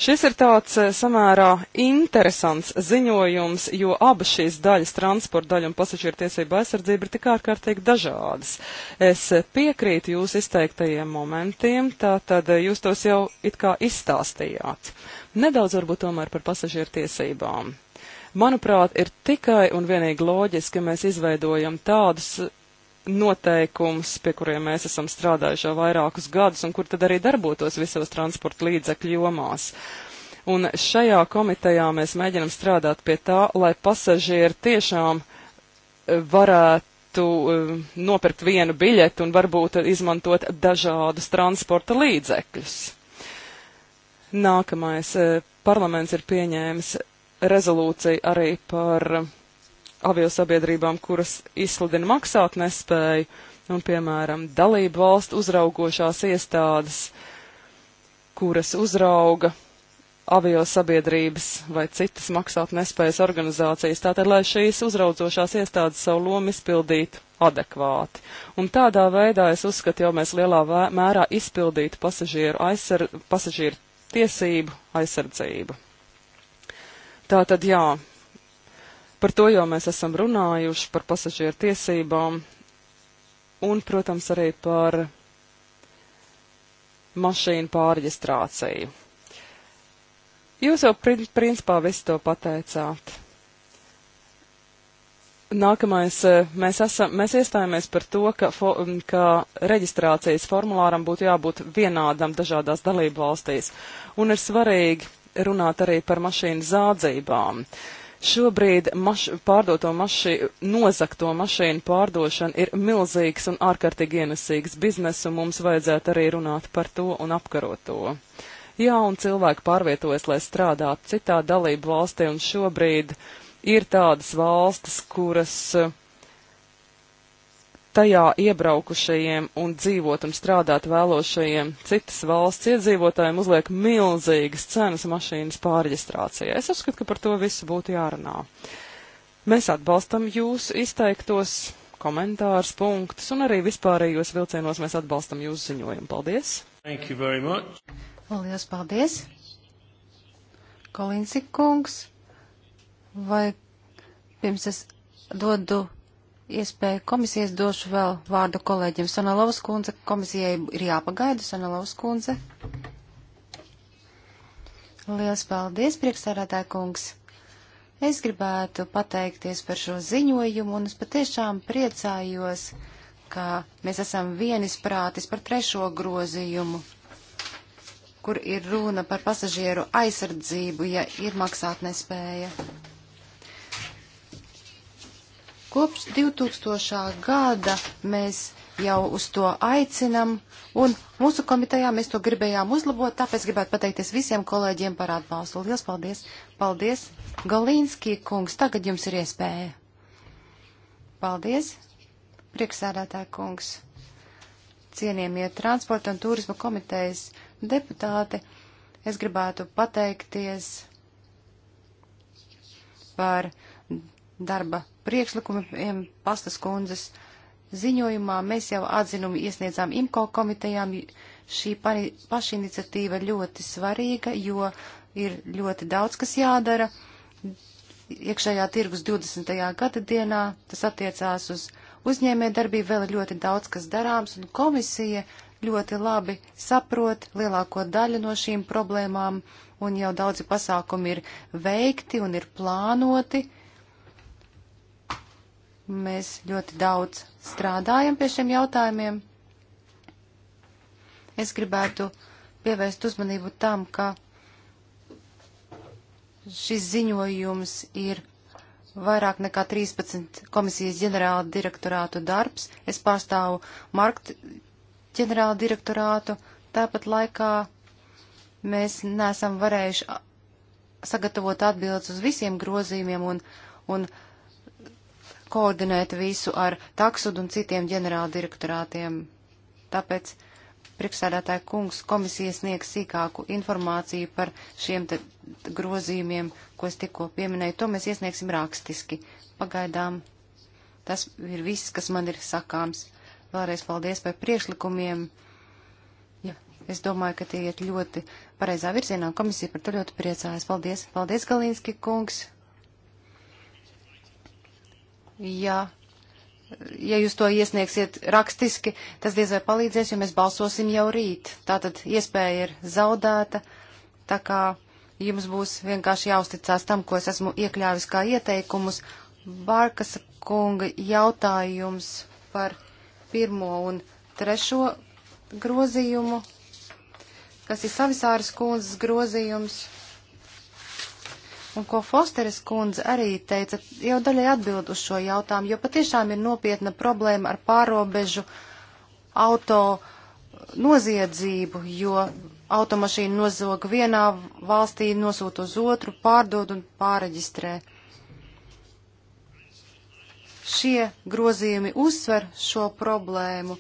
Šis ir tāds eh, samērā interesants ziņojums, jo abas šīs daļas, transporta daļa un pasažieru tiesība aizsardzība, ir tik ārkārtīgi dažādas. Es piekrītu jūs izteiktajiem momentiem, tātad jūs tos jau it kā izstāstījāt. Nedaudz varbūt tomēr par pasažieru tiesībām. Manuprāt, ir tikai un vienīgi loģiski, ka mēs izveidojam tādus noteikums, pie kuriem mēs esam strādājuši jau vairākus gadus un kur tad arī darbotos visos transporta līdzekļu jomās. Un šajā komitejā mēs mēģinam strādāt pie tā, lai pasažieri tiešām eh, varētu eh, nopirkt vienu biļeti un varbūt izmantot dažādus transporta līdzekļus. Nākamais eh, parlaments ir pieņēmis rezolūciju arī par aviosabiedrībām, kuras izsludina maksāt nespēju, un, piemēram, dalību valstu uzraugošās iestādes, kuras uzrauga aviosabiedrības vai citas maksāt nespējas organizācijas. Tātad, lai šīs uzraudzošās iestādes savu lomu izpildītu adekvāti. Un tādā veidā es uzskatu, jau mēs lielā mērā izpildītu pasažieru, aizsar, pasažieru tiesību aizsardzību. Tātad, jā, Par to jau mēs esam runājuši, par pasažieru tiesībām un, protams, arī par mašīnu pārģistrāciju. Jūs jau pri principā visu to pateicāt. Nākamais, eh, mēs, esam, mēs iestājāmies par to, ka, fo, ka reģistrācijas formulāram būtu jābūt vienādam dažādās dalību valstīs, un ir svarīgi runāt arī par mašīnu zādzībām. Uh, Šobrīd maš pārdoto mašīnu, nozakto mašīnu pārdošana ir milzīgs un ārkārtīgi ienesīgs biznes, un mums vajadzētu arī runāt par to un apkarot to. Jā, un cilvēki pārvietojas, lai strādātu citā dalību valstī, un šobrīd ir tādas valstis, kuras uh, tajā iebraukušajiem un dzīvot un strādāt vēlošajiem citas valsts iedzīvotājiem uzliek milzīgas cenas mašīnas pārģistrācijai. Es uzskatu, ka par to visu būtu jārunā. Mēs atbalstam jūsu izteiktos komentārus, punktus un arī vispārējos vilcienos mēs atbalstam jūsu ziņojumu. Paldies! Lielas paldies! Kolinsi kungs, vai pirms es dodu iespēju komisijas došu vēl vārdu kolēģiem. Sanalovas kundze, komisijai ir jāpagaida. Sanalovas kundze. Liels paldies, priekšsārātāja kungs. Es gribētu pateikties par šo ziņojumu un es patiešām priecājos, ka mēs esam vienisprātis par trešo grozījumu, kur ir runa par pasažieru aizsardzību, ja ir maksātnespēja. Kopš 2000. gada mēs jau uz to aicinam, un mūsu komitejā mēs to gribējām uzlabot, tāpēc gribētu pateikties visiem kolēģiem par atbalstu. Lielas paldies! Paldies! Galīnski kungs, tagad jums ir iespēja. Paldies! Prieksēdētāja kungs, cienījamie transporta un turisma komitejas deputāti, es gribētu pateikties par darba priekšlikumiem pastas kundzes ziņojumā mēs jau atzinumu iesniedzām IMCO komitejām. Šī pašiniciatīva ļoti svarīga, jo ir ļoti daudz, kas jādara. Iekšējā tirgus 20. gada dienā tas attiecās uz uzņēmē darbību, vēl ir ļoti daudz, kas darāms, un komisija ļoti labi saprot lielāko daļu no šīm problēmām, un jau daudzi pasākumi ir veikti un ir plānoti. Uh, Mēs ļoti daudz strādājam pie šiem jautājumiem. Es gribētu pievērst uzmanību tam, ka šis ziņojums ir vairāk nekā 13 komisijas ģenerāla direktorātu darbs. Es pārstāvu markt ģenerāla direktorātu. Tāpat laikā mēs nesam varējuši sagatavot atbildes uz visiem grozījumiem un, un uh, koordinēt visu ar taksud un citiem ģenerāla direktorātiem. Tāpēc priekšsēdētāja kungs komisijas sniegs sīkāku informāciju par šiem te grozījumiem, ko es tikko pieminēju. To mēs iesniegsim rakstiski. Pagaidām tas ir viss, kas man ir sakāms. Vēlreiz paldies par priekšlikumiem. Ja, es domāju, ka tie iet ļoti pareizā virzienā. Komisija par to ļoti priecājas. Paldies. Paldies, Galīnski kungs ja, ja jūs to iesniegsiet rakstiski, tas diez vai palīdzēs, jo mēs balsosim jau rīt. Tātad iespēja ir zaudēta, tā kā jums būs vienkārši jāuzticās tam, ko es esmu iekļāvis kā ieteikumus. Bārkas kunga jautājums par pirmo un trešo grozījumu, kas ir Savisāras kundzes grozījums un ko Fosteres kundze arī teica, jau daļai atbild uz šo jautājumu, jo patiešām ir nopietna problēma ar pārobežu auto noziedzību, jo automašīnu nozoga vienā valstī, nosūta uz otru, pārdod un pāreģistrē. Šie grozījumi uzsver šo problēmu,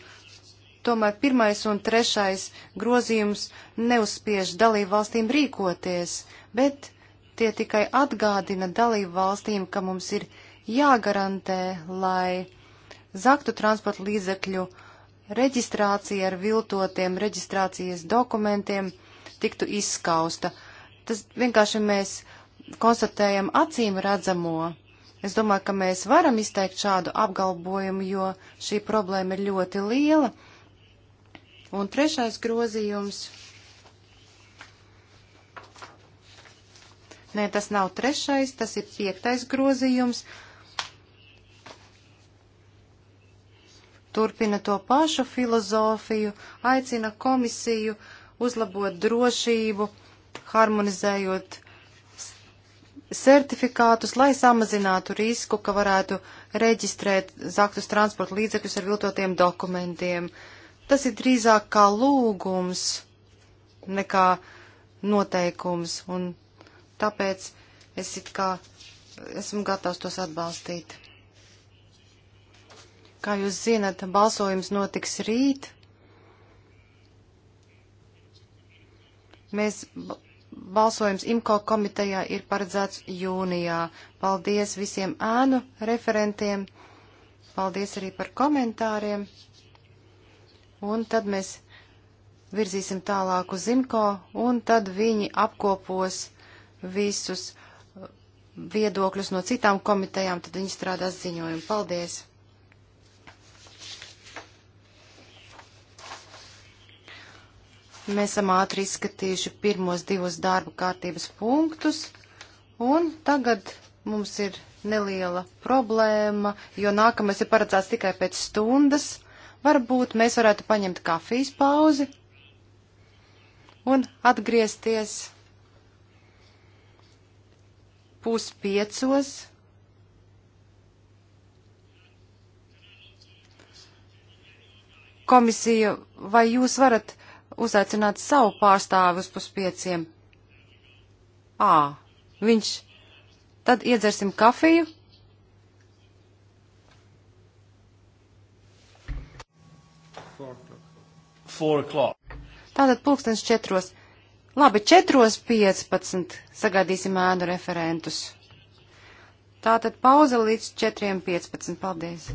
tomēr pirmais un trešais grozījums neuzspiež dalību valstīm rīkoties, bet Tie tikai atgādina dalību valstīm, ka mums ir jāgarantē, lai zaktu transporta līdzekļu reģistrācija ar viltotiem reģistrācijas dokumentiem tiktu izskausta. Tas vienkārši mēs konstatējam acīm redzamo. Es domāju, ka mēs varam izteikt šādu apgalvojumu, jo šī problēma ir ļoti liela. Un trešais grozījums Nē, tas nav trešais, tas ir piektais grozījums. Turpina to pašu filozofiju, aicina komisiju uzlabot drošību, harmonizējot certifikātus, lai samazinātu risku, ka varētu reģistrēt zaktus transporta līdzekļus ar viltotiem dokumentiem. Tas ir drīzāk kā lūgums nekā noteikums, un tāpēc es it kā esmu gatavs tos atbalstīt. Kā jūs zinat, balsojums notiks rīt. Mēs balsojums IMCO komitejā ir paredzēts jūnijā. Paldies visiem ēnu referentiem. Paldies arī par komentāriem. Un tad mēs virzīsim tālāk uz IMCO, un tad viņi apkopos visus viedokļus no citām komitejām, tad viņi strādās ziņojumu. Paldies! Mēs esam ātri izskatījuši pirmos divus darba kārtības punktus, un tagad mums ir neliela problēma, jo nākamais ir paredzēts tikai pēc stundas. Varbūt mēs varētu paņemt kafijas pauzi un atgriezties puspiecos. Komisija, vai jūs varat uzaicināt savu pārstāvi uz puspieciem? Ā, viņš. Tad iedzersim kafiju. Tātad pulkstens četros. Labi, 4.15 sagaidīsim ēnu referentus. Tātad pauze līdz 4.15. Paldies!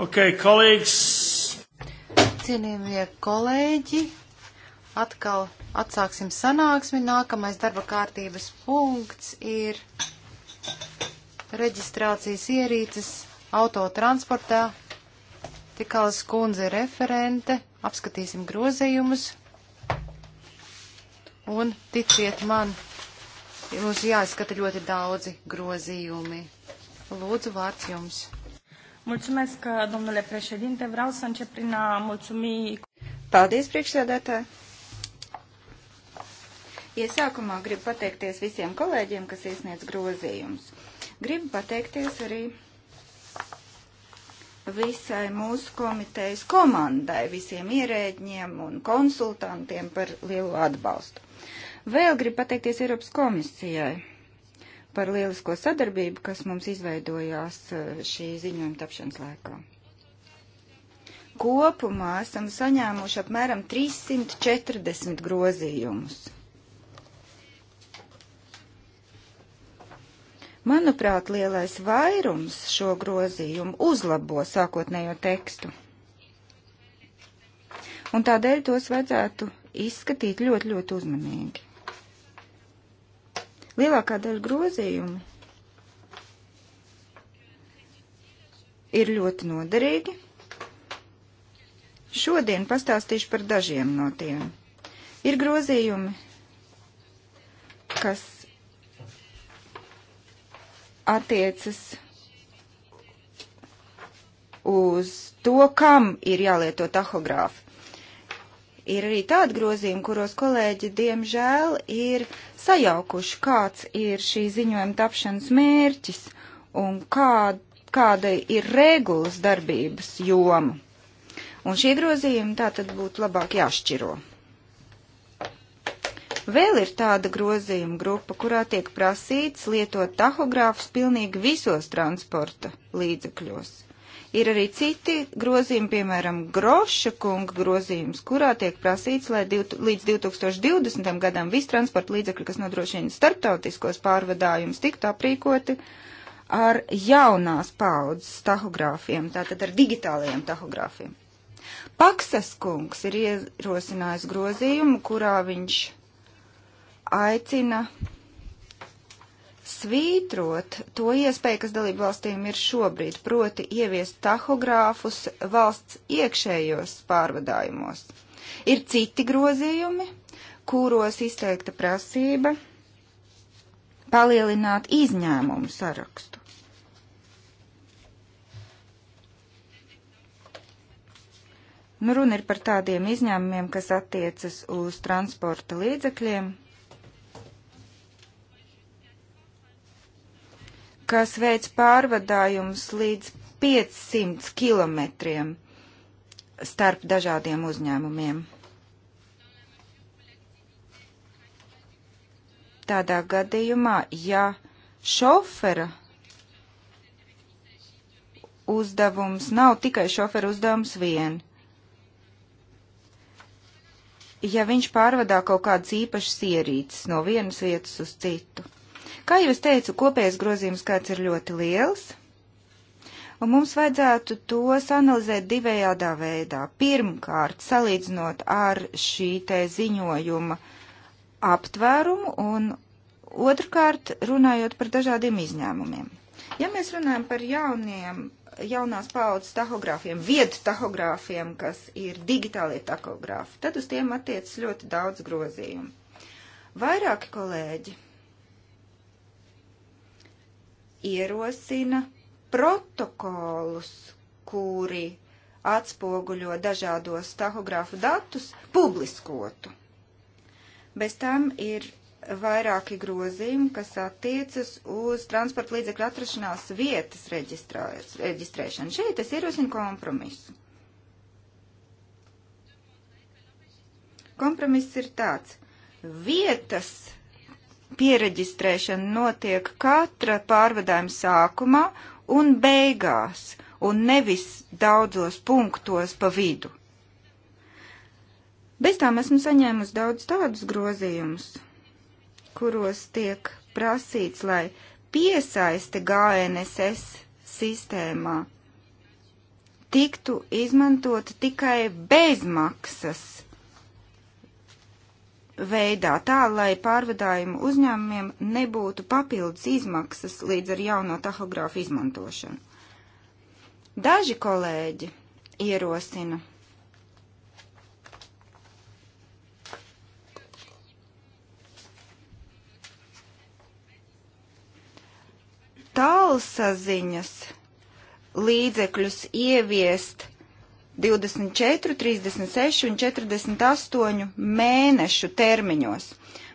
Okay, kolēģis. Cienījamie kolēģi, atkal atsāksim sanāksmi. Nākamais darba kārtības punkts ir reģistrācijas ierīces autotransportā. Tikālas kundze ir referente, apskatīsim grozējumus. Un ticiet man, mums jāizskata ļoti daudzi grozījumi. Lūdzu, vārds jums. Mulțumesc, domnule președinte. Vreau să încep prin a mulțumi. Paldies, priekšsēdētāji! Iesākumā gribu pateikties visiem kolēģiem, kas iesniedz grozījumus. Gribu pateikties arī visai mūsu komitejas komandai, visiem ierēģiem un konsultantiem par lielu atbalstu. Vēl gribu pateikties Eiropas komisijai par lielisko sadarbību, kas mums izveidojās eh, šī ziņojuma tapšanas laikā. Kopumā esam saņēmuši apmēram 340 grozījumus. Manuprāt, lielais vairums šo grozījumu uzlabo sākotnējo tekstu. Un tādēļ tos vajadzētu izskatīt ļoti, ļoti uzmanīgi. Lielākā daļa grozījumu ir ļoti noderīgi. Šodien pastāstīšu par dažiem no tiem. Ir grozījumi, kas attiecas uz to, kam ir jālieto tahogrāfi. Ir arī tādi grozījumi, kuros kolēģi, diemžēl, ir sajaukuši, kāds ir šī ziņojuma tapšanas mērķis un kā, kāda ir regulas darbības joma. Un šie grozījumi tā tad būtu labāk jāšķiro. Vēl ir tāda grozījuma grupa, kurā tiek prasīts lietot tahogrāfus pilnīgi visos transporta līdzekļos. Ir arī citi grozījumi, piemēram, Groša kunga grozījums, kurā tiek prasīts, lai div, līdz 2020. gadam visi transporta līdzekļi, kas nodrošina starptautiskos pārvadājumus, tiktu aprīkoti ar jaunās paudzes tahogrāfiem, tātad ar digitālajiem tahogrāfiem. Paksas kungs ir ierosinājis grozījumu, kurā viņš aicina svītrot to iespēju, kas dalību valstīm ir šobrīd, proti ieviest tahogrāfus valsts iekšējos pārvadājumos. Ir citi grozījumi, kuros izteikta prasība palielināt izņēmumu sarakstu. Nu, runa ir par tādiem izņēmumiem, kas attiecas uz transporta līdzekļiem, kas veic pārvadājumus līdz 500 kilometriem starp dažādiem uzņēmumiem. Tādā gadījumā, ja šofera uzdevums nav tikai šofera uzdevums vien. Ja viņš pārvadā kaut kādas īpašas ierīces no vienas vietas uz citu. Kā jau es teicu, kopējais grozījums kāds ir ļoti liels, un mums vajadzētu tos analizēt divējādā veidā. Pirmkārt, salīdzinot ar šī te ziņojuma aptvērumu, un otrkārt, runājot par dažādiem izņēmumiem. Ja mēs runājam par jauniem jaunās paaudzes tahogrāfiem, viedu tahogrāfiem, kas ir digitālie tahogrāfi, tad uz tiem attiecas ļoti daudz grozījumu. Vairāki kolēģi ierosina protokolus, kuri atspoguļo dažādos tahogrāfu datus, publiskotu. Bez tam ir vairāki grozījumi, kas attiecas uz transporta līdzekļu atrašanās vietas reģistrēšanu. Šeit es ierosinu kompromisu. Kompromiss ir tāds. Vietas Piereģistrēšana notiek katra pārvadājuma sākumā un beigās, un nevis daudzos punktos pa vidu. Bez tām esmu saņēmusi daudz tādus grozījumus, kuros tiek prasīts, lai piesaiste GNSS sistēmā tiktu izmantota tikai bezmaksas veidā, tā lai pārvadājumu uzņēmumiem nebūtu papildus izmaksas līdz ar jauno tahogrāfu izmantošanu. Daži kolēģi ierosina tālsaziņas līdzekļus ieviest 24, 36 un 48 mēnešu termiņos.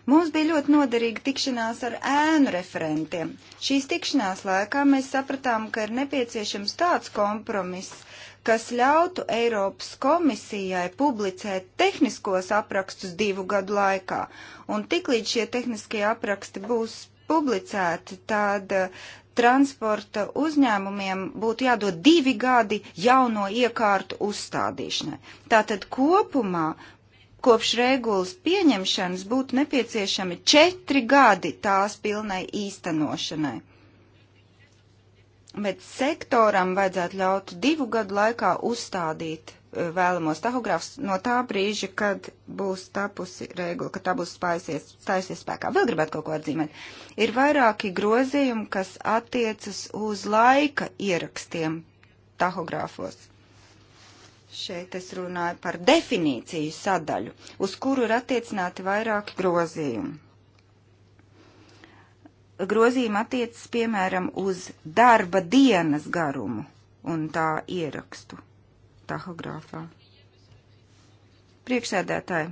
Mums bija ļoti noderīga tikšanās ar ēnu referentiem. Šīs tikšanās laikā mēs sapratām, ka ir nepieciešams tāds kompromiss, kas ļautu Eiropas komisijai publicēt tehniskos aprakstus divu gadu laikā. Un tiklīdz šie tehniskie apraksti būs publicēti, tad transporta uzņēmumiem būtu jādod divi gadi jauno iekārtu uzstādīšanai. Tātad kopumā kopš regulas pieņemšanas būtu nepieciešami četri gadi tās pilnai īstenošanai. Bet sektoram vajadzētu ļaut divu gadu laikā uzstādīt vēlamos tahogrāfus no tā brīža, kad būs tapusi regula, kad tā būs spājusies, stājusies spēkā. Vēl gribētu kaut ko atzīmēt. Ir vairāki grozījumi, kas attiecas uz laika ierakstiem tahogrāfos. Šeit es runāju par definīciju sadaļu, uz kuru ir attiecināti vairāki grozījumi. Grozījumi attiecas, piemēram, uz darba dienas garumu un tā ierakstu tahogrāfā. Priekšsēdētāji,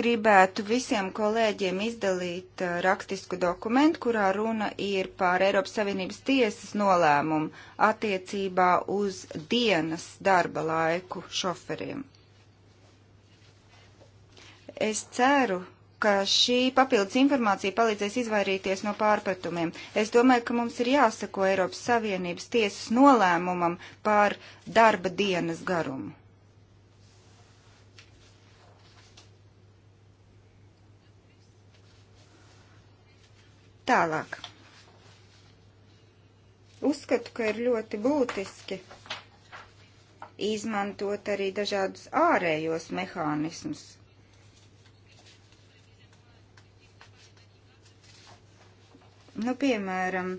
gribētu visiem kolēģiem izdalīt uh, rakstisku dokumentu, kurā runa ir par Eiropas Savienības tiesas nolēmumu attiecībā uz dienas darba laiku šoferiem. Es ceru, ka šī papildus informācija palīdzēs izvairīties no pārpratumiem. Es domāju, ka mums ir jāsako Eiropas Savienības tiesas nolēmumam pār darba dienas garumu. Tālāk. Uzskatu, ka ir ļoti būtiski izmantot arī dažādus ārējos mehānismus Nu, piemēram,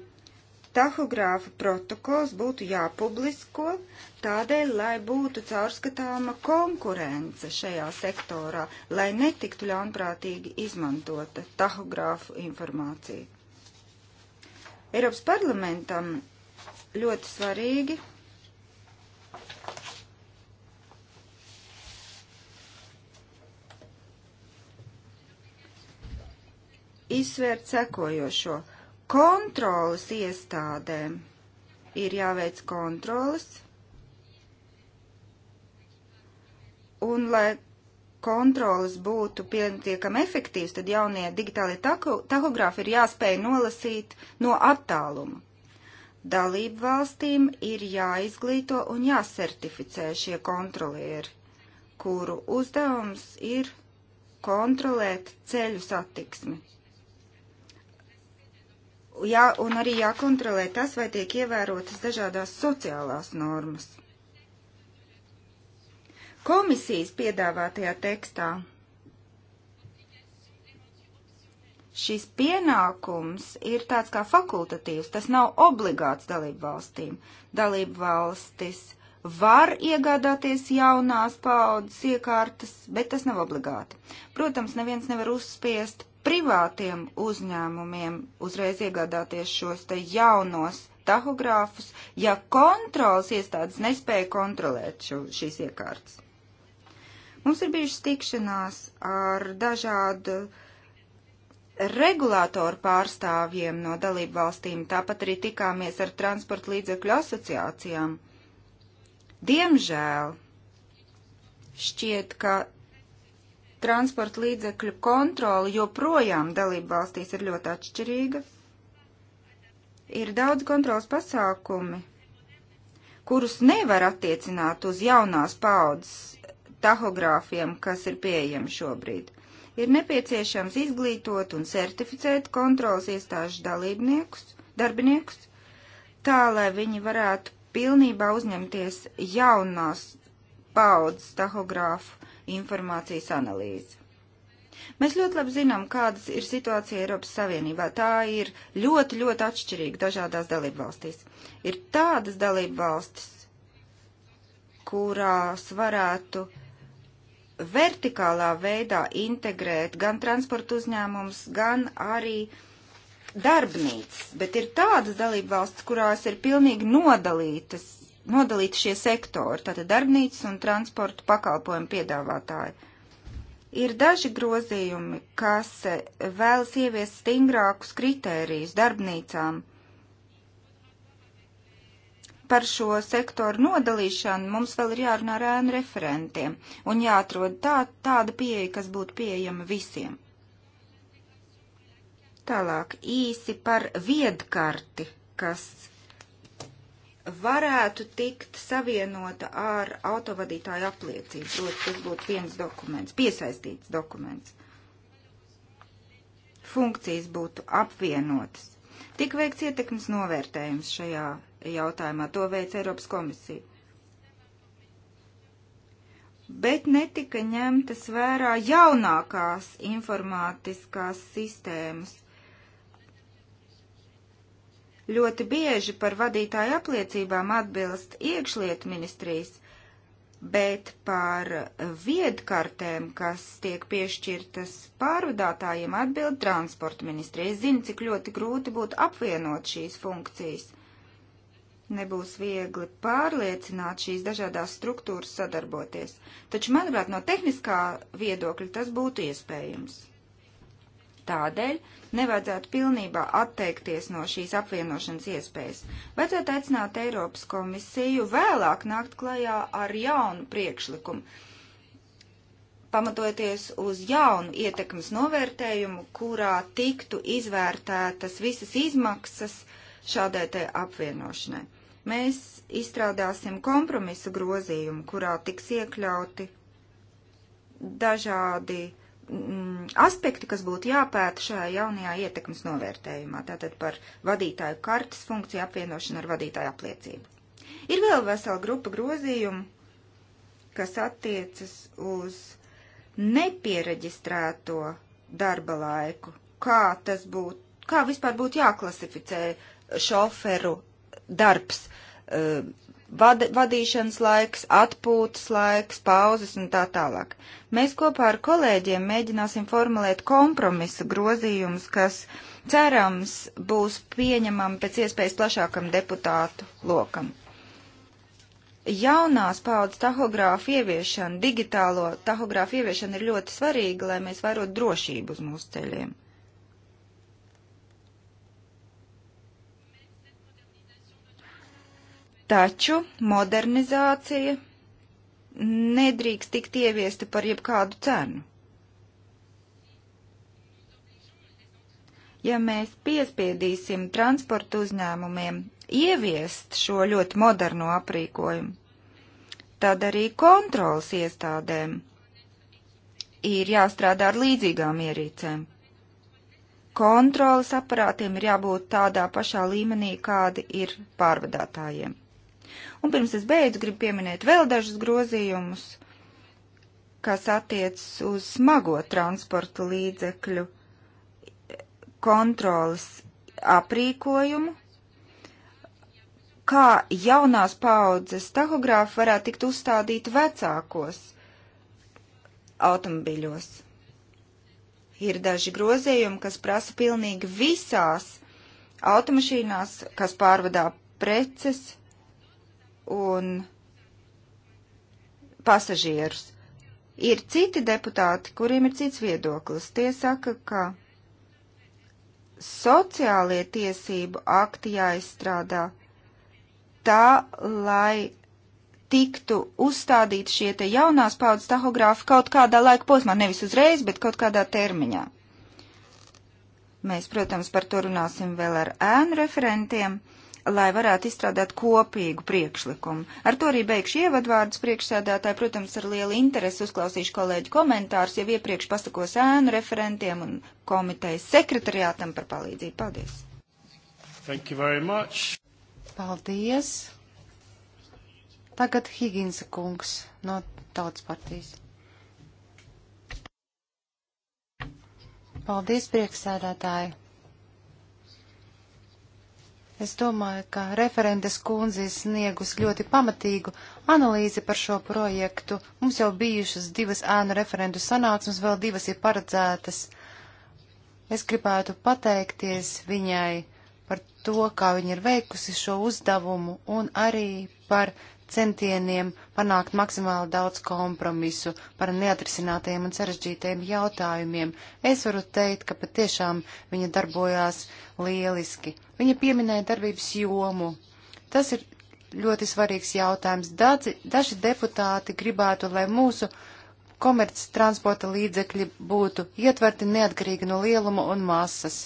tahogrāfa protokols būtu jāpublisko tādēļ, lai būtu caurskatāma konkurence šajā sektorā, lai netiktu ļaunprātīgi izmantota tahogrāfu informācija. Eiropas parlamentam ļoti svarīgi izsvērt sekojošo kontrolas iestādēm ir jāveic kontrolas, un lai kontrolas būtu pietiekami efektīvas, tad jaunie digitālie tahogrāfi ir jāspēj nolasīt no attāluma. Dalību valstīm ir jāizglīto un jāsertificē šie kontrolieri, kuru uzdevums ir kontrolēt ceļu satiksmi jā, un arī jākontrolē tas, vai tiek ievērotas dažādās sociālās normas. Komisijas piedāvātajā tekstā šis pienākums ir tāds kā fakultatīvs, tas nav obligāts dalību valstīm. Dalību valstis var iegādāties jaunās paaudzes iekārtas, bet tas nav obligāti. Protams, neviens nevar uzspiest privātiem uzņēmumiem uzreiz iegādāties šos te jaunos tahogrāfus, ja kontrols iestādes nespēja kontrolēt šo, šīs iekārtas. Mums ir bijušas tikšanās ar dažādu regulātoru pārstāvjiem no dalību valstīm, tāpat arī tikāmies ar transporta līdzekļu asociācijām. Diemžēl šķiet, ka transporta līdzekļu kontroli joprojām dalību valstīs ir ļoti atšķirīga. Ir daudz kontrols pasākumi, kurus nevar attiecināt uz jaunās paudzes tahogrāfiem, kas ir pieejami šobrīd. Ir nepieciešams izglītot un certificēt kontrols iestāžu dalībniekus, darbiniekus, tā lai viņi varētu pilnībā uzņemties jaunās paudzes tahogrāfu informācijas analīzi. Mēs ļoti labi zinām, kādas ir situācija Eiropas Savienībā. Tā ir ļoti, ļoti atšķirīga dažādās dalību valstīs. Ir tādas dalību valstis, kurās varētu vertikālā veidā integrēt gan transporta uzņēmums, gan arī darbnīcas, bet ir tādas dalību valsts, kurās ir pilnīgi nodalītas nodalīti šie sektori, tātad darbnīcas un transporta pakalpojumu piedāvātāji. Ir daži grozījumi, kas eh, vēlas ieviest stingrākus kritērijus darbnīcām. Par šo sektoru nodalīšanu mums vēl ir jārunā ar ēnu referentiem un jāatrod tā, tāda pieeja, kas būtu pieejama visiem. Tālāk īsi par viedkarti, kas varētu tikt savienota ar autovadītāju apliecību. Proti, tas būtu viens dokuments, piesaistīts dokuments. Funkcijas būtu apvienotas. Tik veikts ietekmes novērtējums šajā jautājumā, to veids Eiropas komisija. Bet netika ņemtas vērā jaunākās informātiskās sistēmas Ļoti bieži par vadītāju apliecībām atbilst iekšlietu ministrijas, bet par viedkartēm, kas tiek piešķirtas pārvadātājiem, atbild transporta ministrija. Es zinu, cik ļoti grūti būtu apvienot šīs funkcijas. Nebūs viegli pārliecināt šīs dažādās struktūras sadarboties, taču, manuprāt, no tehniskā viedokļa tas būtu iespējams. Tādēļ nevajadzētu pilnībā atteikties no šīs apvienošanas iespējas. Vajadzētu aicināt Eiropas komisiju vēlāk nākt klajā ar jaunu priekšlikumu, pamatojoties uz jaunu ietekmes novērtējumu, kurā tiktu izvērtētas visas izmaksas šādai te apvienošanai mēs izstrādāsim kompromisu grozījumu, kurā tiks iekļauti dažādi Mm, aspektu, kas būtu jāpēta šajā jaunajā ietekmes novērtējumā, tātad par vadītāju kartes funkciju apvienošanu ar vadītāju apliecību. Ir vēl vesela grupa grozījumu, kas attiecas uz nepiereģistrēto darba laiku, kā tas būtu, kā vispār būtu jāklasificē šoferu darbs eh, vad, vadīšanas laiks, atpūtas laiks, pauzes un tā tālāk. Mēs kopā ar kolēģiem mēģināsim formulēt kompromisa grozījumus, kas cerams būs pieņemami pēc iespējas plašākam deputātu lokam. Jaunās paudzes tahogrāfu ieviešana, digitālo tahogrāfu ieviešana ir ļoti svarīga, lai mēs vairot drošību uz mūsu ceļiem. Taču modernizācija nedrīkst tikt ieviesta par jebkādu cenu. Ja mēs piespiedīsim transportu uzņēmumiem ieviest šo ļoti moderno aprīkojumu, tad arī kontrolas iestādēm ir jāstrādā ar līdzīgām ierīcēm. Kontrolas aparātiem ir jābūt tādā pašā līmenī, kādi ir pārvadātājiem. Un pirms es beidzu, gribu pieminēt vēl dažus grozījumus, kas attiec uz smago transporta līdzekļu kontrolas aprīkojumu, kā jaunās paaudzes tahogrāfi varētu tikt uzstādīti vecākos automobiļos. Ir daži grozījumi, kas prasa pilnīgi visās automašīnās, kas pārvadā preces, un pasažierus. Ir citi deputāti, kuriem ir cits viedoklis. Tie saka, ka sociālie tiesību akti jāizstrādā tā, lai tiktu uzstādīti šie te jaunās paudzes tahogrāfi kaut kādā laika posmā, nevis uzreiz, bet kaut kādā termiņā. Mēs, protams, par to runāsim vēl ar ēnu referentiem. Uh, lai varētu izstrādāt kopīgu priekšlikumu. Ar to arī beigšu ievadvārdus priekšsēdētāji. Protams, ar lielu interesi uzklausīšu kolēģu komentārus, jau iepriekš pasakos ēnu referentiem un komitejas sekretariātam par palīdzību. Paldies! Thank you very much. Paldies! Tagad Higinsa kungs no Tautas partijas. Paldies, prieksēdētāji! Es domāju, ka referentes kundze sniegus ļoti pamatīgu analīzi par šo projektu. Mums jau bijušas divas ēnu referentu sanāksmes, vēl divas ir paredzētas. Es gribētu pateikties viņai par to, kā viņa ir veikusi šo uzdevumu un arī par centieniem panākt maksimāli daudz kompromisu par neatrisinātajiem un sarežģītajiem jautājumiem. Es varu teikt, ka patiešām viņa darbojās lieliski. Viņa pieminēja darbības jomu. Tas ir ļoti svarīgs jautājums. Daži, daži deputāti gribētu, lai mūsu komerces transporta līdzekļi būtu ietverti neatkarīgi no lieluma un masas.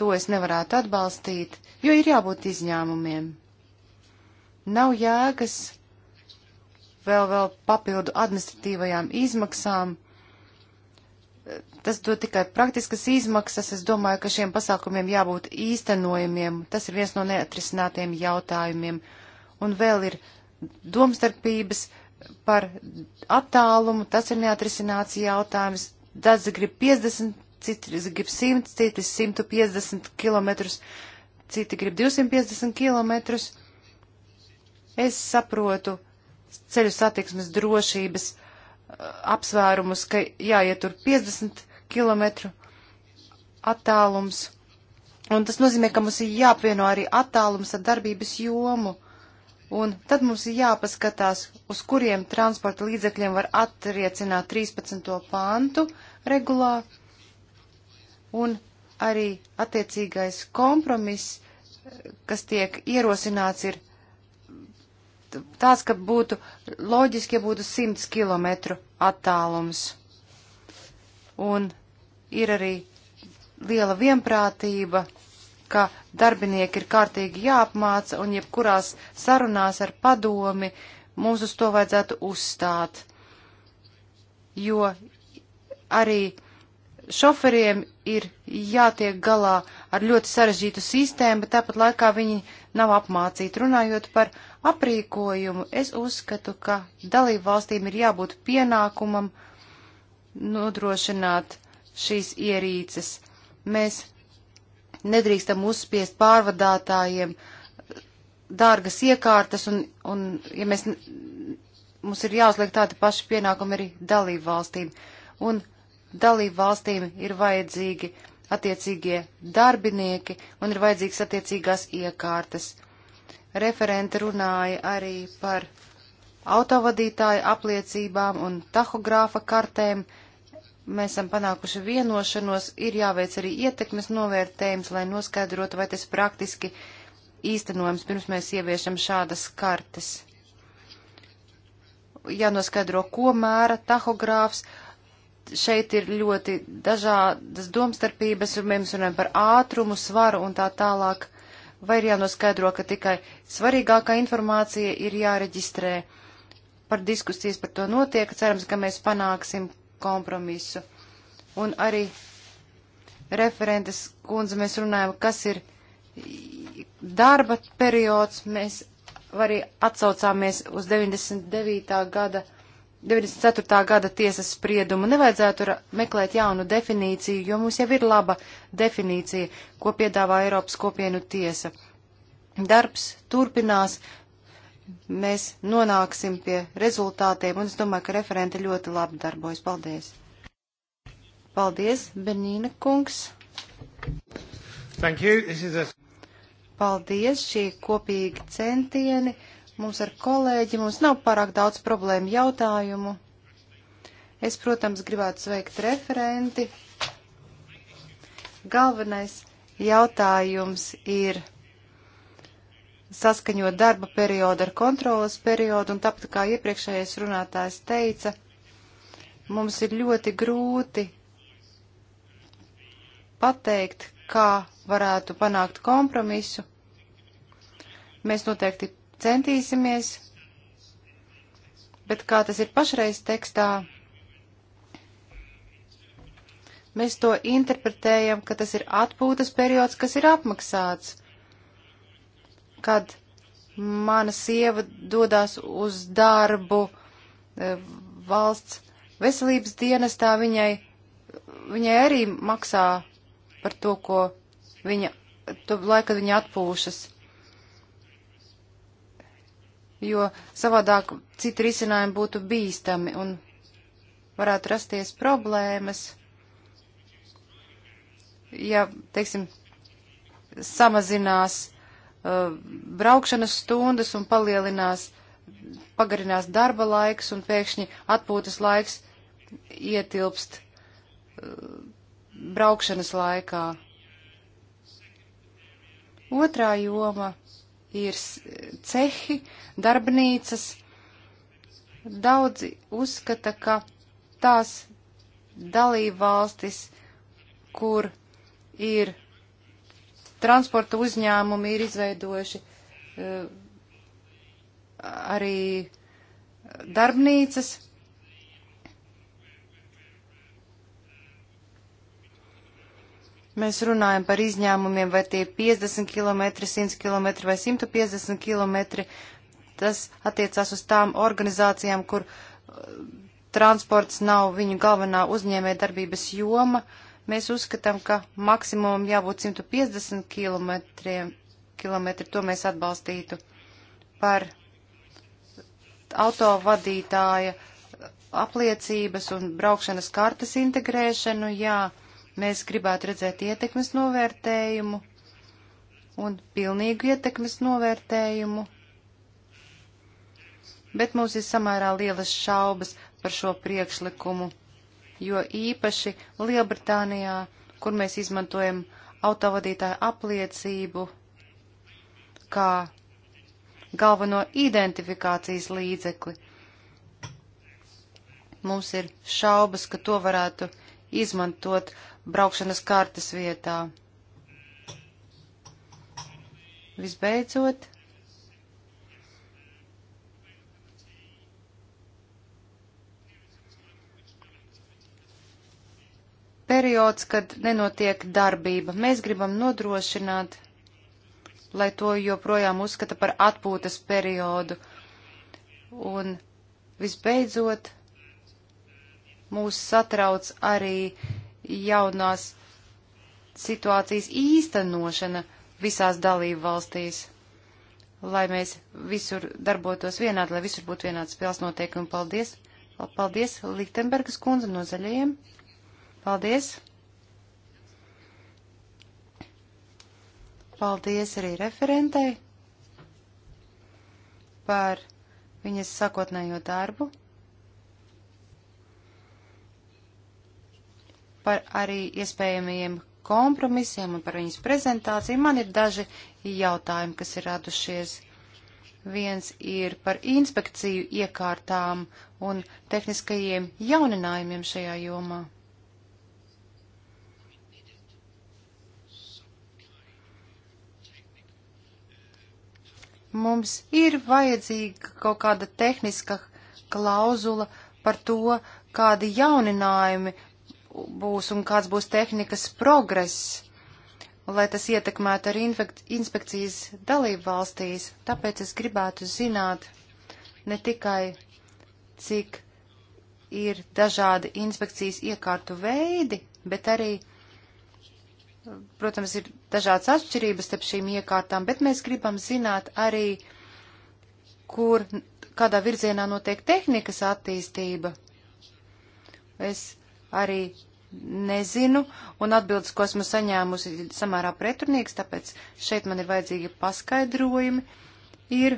To es nevarētu atbalstīt, jo ir jābūt izņēmumiem. Nav jēgas vēl, vēl papildu administratīvajām izmaksām. Tas dod tikai praktiskas izmaksas. Es domāju, ka šiem pasākumiem jābūt īstenojumiem. Tas ir viens no neatrisinātiem jautājumiem. Un vēl ir domstarpības par attālumu. Tas ir neatrisināts jautājums. Daži grib 50, citi grib 100, citi 150 km, citi grib 250 km. Es saprotu ceļu satiksmes drošības uh, apsvērumus, ka jāietur 50 km attālums, un tas nozīmē, ka mums ir jāapvieno arī attālums ar darbības jomu, un tad mums ir jāpaskatās, uz kuriem transporta līdzekļiem var attriecināt 13. pāntu regulā, un arī attiecīgais kompromiss, kas tiek ierosināts, ir tāds, ka būtu loģiski, ja būtu 100 km attālums. Un ir arī liela vienprātība, ka darbinieki ir kārtīgi jāapmāca un jebkurās sarunās ar padomi mums uz to vajadzētu uzstāt. Jo arī šoferiem ir jātiek galā ar ļoti sarežģītu sistēmu, bet tāpat laikā viņi nav apmācīti. Runājot par aprīkojumu, es uzskatu, ka dalību valstīm ir jābūt pienākumam nodrošināt šīs ierīces. Mēs nedrīkstam uzspiest pārvadātājiem dārgas iekārtas, un, un ja mēs, mums ir jāuzliek tādi paši pienākumi arī dalību valstīm. Un dalību valstīm ir vajadzīgi attiecīgie darbinieki un ir vajadzīgs attiecīgās iekārtas. Referente runāja arī par autovadītāju apliecībām un tahogrāfa kartēm. Mēs esam panākuši vienošanos, ir jāveic arī ietekmes novērtējums, lai noskaidrotu, vai tas praktiski īstenojams, pirms mēs ieviešam šādas kartes. Jānoskaidro, ko mēra tahogrāfs, uh, šeit ir ļoti dažādas domstarpības, un mēs runājam par ātrumu, svaru un tā tālāk. Vai ir jānoskaidro, ka tikai svarīgākā informācija ir jāreģistrē. Par diskusijas par to notiek, cerams, ka mēs panāksim kompromisu. Un arī referentes kundze mēs runājam, kas ir darba periods. Mēs arī atsaucāmies uz 99. gada 94. gada tiesas spriedumu. Nevajadzētu meklēt jaunu definīciju, jo mums jau ir laba definīcija, ko piedāvā Eiropas kopienu tiesa. Darbs turpinās, mēs nonāksim pie rezultātiem, un es domāju, ka referente ļoti labi darbojas. Paldies! Paldies, Benīna kungs! Thank you. This is a... Paldies, šie kopīgi centieni Mums ar kolēģi mums nav pārāk daudz problēmu jautājumu. Es, protams, gribētu sveikt referenti. Galvenais jautājums ir saskaņot darba periodu ar kontrolas periodu, un tāpat kā iepriekšējais runātājs teica, mums ir ļoti grūti pateikt, kā varētu panākt kompromisu. Mēs noteikti centīsimies, bet kā tas ir pašreiz tekstā, mēs to interpretējam, ka tas ir atpūtas periods, kas ir apmaksāts, kad mana sieva dodas uz darbu eh, valsts veselības dienestā, viņai, viņai arī maksā par to, ko viņa, to laiku, kad viņa atpūšas jo savādāk citi risinājumi būtu bīstami un varētu rasties problēmas, ja, teiksim, samazinās uh, braukšanas stundas un palielinās, pagarinās darba laiks un pēkšņi atpūtas laiks ietilpst uh, braukšanas laikā. Otrā joma ir cehi, darbnīcas. Daudzi uzskata, ka tās dalībvalstis, kur ir transporta uzņēmumi, ir izveidojuši eh, arī darbnīcas, Mēs runājam par izņēmumiem, vai tie ir 50 km, 100 km vai 150 km. Tas attiecās uz tām organizācijām, kur uh, transports nav viņu galvenā uzņēmē darbības joma. Mēs uzskatām, ka maksimumam jābūt 150 km, km to mēs atbalstītu par autovadītāja apliecības un braukšanas kartes integrēšanu, jā. Mēs gribētu redzēt ietekmes novērtējumu un pilnīgu ietekmes novērtējumu, bet mums ir samērā lielas šaubas par šo priekšlikumu, jo īpaši Lielbritānijā, kur mēs izmantojam autovadītāju apliecību kā galveno identifikācijas līdzekli. Mums ir šaubas, ka to varētu izmantot braukšanas kartes vietā. Visbeidzot, periods, kad nenotiek darbība. Mēs gribam nodrošināt, lai to joprojām uzskata par atpūtas periodu. Un visbeidzot, mūs satrauc arī jaunās situācijas īstenošana visās dalību valstīs, lai mēs visur darbotos vienādi, lai visur būtu vienāds spēles noteikumi. Paldies! Paldies, Liktenbergas kundze no zaļajiem! Paldies! Paldies arī referentei par viņas sakotnējo darbu. par arī iespējamajiem kompromisiem un par viņas prezentāciju. Man ir daži jautājumi, kas ir radušies. Viens ir par inspekciju iekārtām un tehniskajiem jauninājumiem šajā jomā. Mums ir vajadzīga kaut kāda tehniska klauzula par to, kādi jauninājumi uh, būs un kāds būs tehnikas progress, lai tas ietekmētu arī inspekcijas dalību valstīs. Tāpēc es gribētu zināt ne tikai, cik ir dažādi inspekcijas iekārtu veidi, bet arī, protams, ir dažādas atšķirības starp šīm iekārtām, bet mēs gribam zināt arī, kur, kādā virzienā notiek tehnikas attīstība. Es arī nezinu, un atbildes, ko esmu saņēmusi, ir samērā pretrunīgs, tāpēc šeit man ir vajadzīgi paskaidrojumi. Ir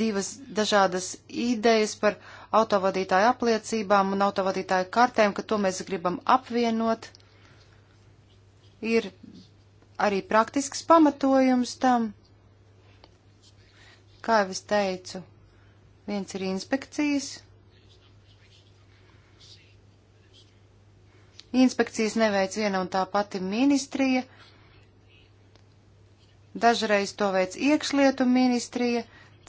divas dažādas idejas par autovadītāju apliecībām un autovadītāju kartēm, ka to mēs gribam apvienot. Ir arī praktisks pamatojums tam. Kā jau es teicu, viens ir inspekcijas Inspekcijas neveic viena un tā pati ministrija, dažreiz to veic iekšlietu ministrija,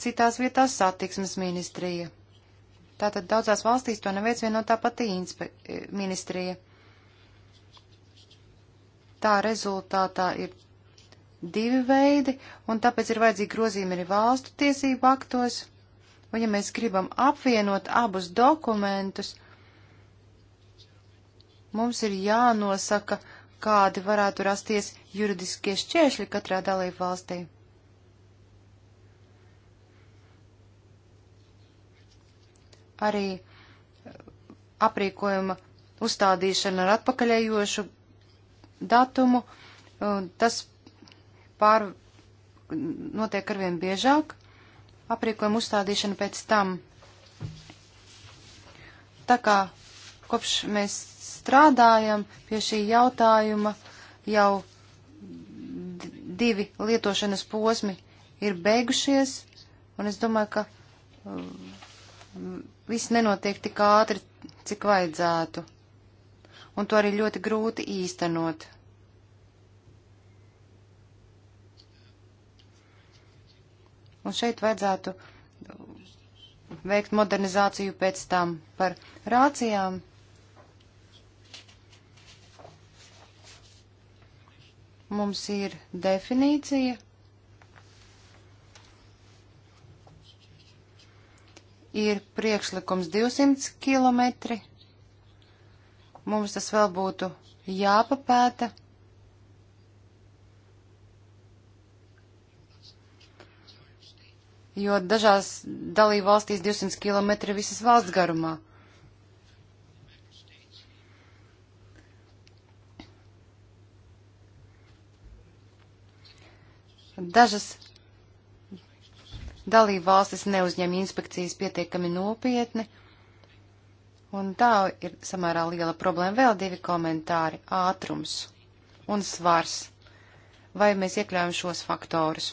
citās vietās satiksmes ministrija. Tātad daudzās valstīs to neveic viena un tā pati e, ministrija. Tā rezultātā ir divi veidi, un tāpēc ir vajadzīgi grozījumi arī valstu tiesību aktos. Un ja mēs gribam apvienot abus dokumentus, Mums ir jānosaka, kādi varētu rasties juridiskie šķēršļi katrā dalību valstī. Arī eh, aprīkojuma uzstādīšana ar atpakaļējošu datumu, eh, tas pār notiek arvien biežāk, aprīkojuma uzstādīšana pēc tam. Tā kā kopš mēs strādājam pie šī jautājuma. Jau divi lietošanas posmi ir beigušies, un es domāju, ka uh, viss nenotiek tik ātri, cik vajadzētu. Un to arī ļoti grūti īstenot. Un šeit vajadzētu veikt modernizāciju pēc tam par rācijām. Mums ir definīcija. Ir priekšlikums 200 km. Mums tas vēl būtu jāpapēta. jo dažās dalību valstīs 200 km visas valsts garumā. Dažas dalību valstis neuzņem inspekcijas pietiekami nopietni, un tā ir samērā liela problēma. Vēl divi komentāri - ātrums un svars. Vai mēs iekļaujam šos faktorus?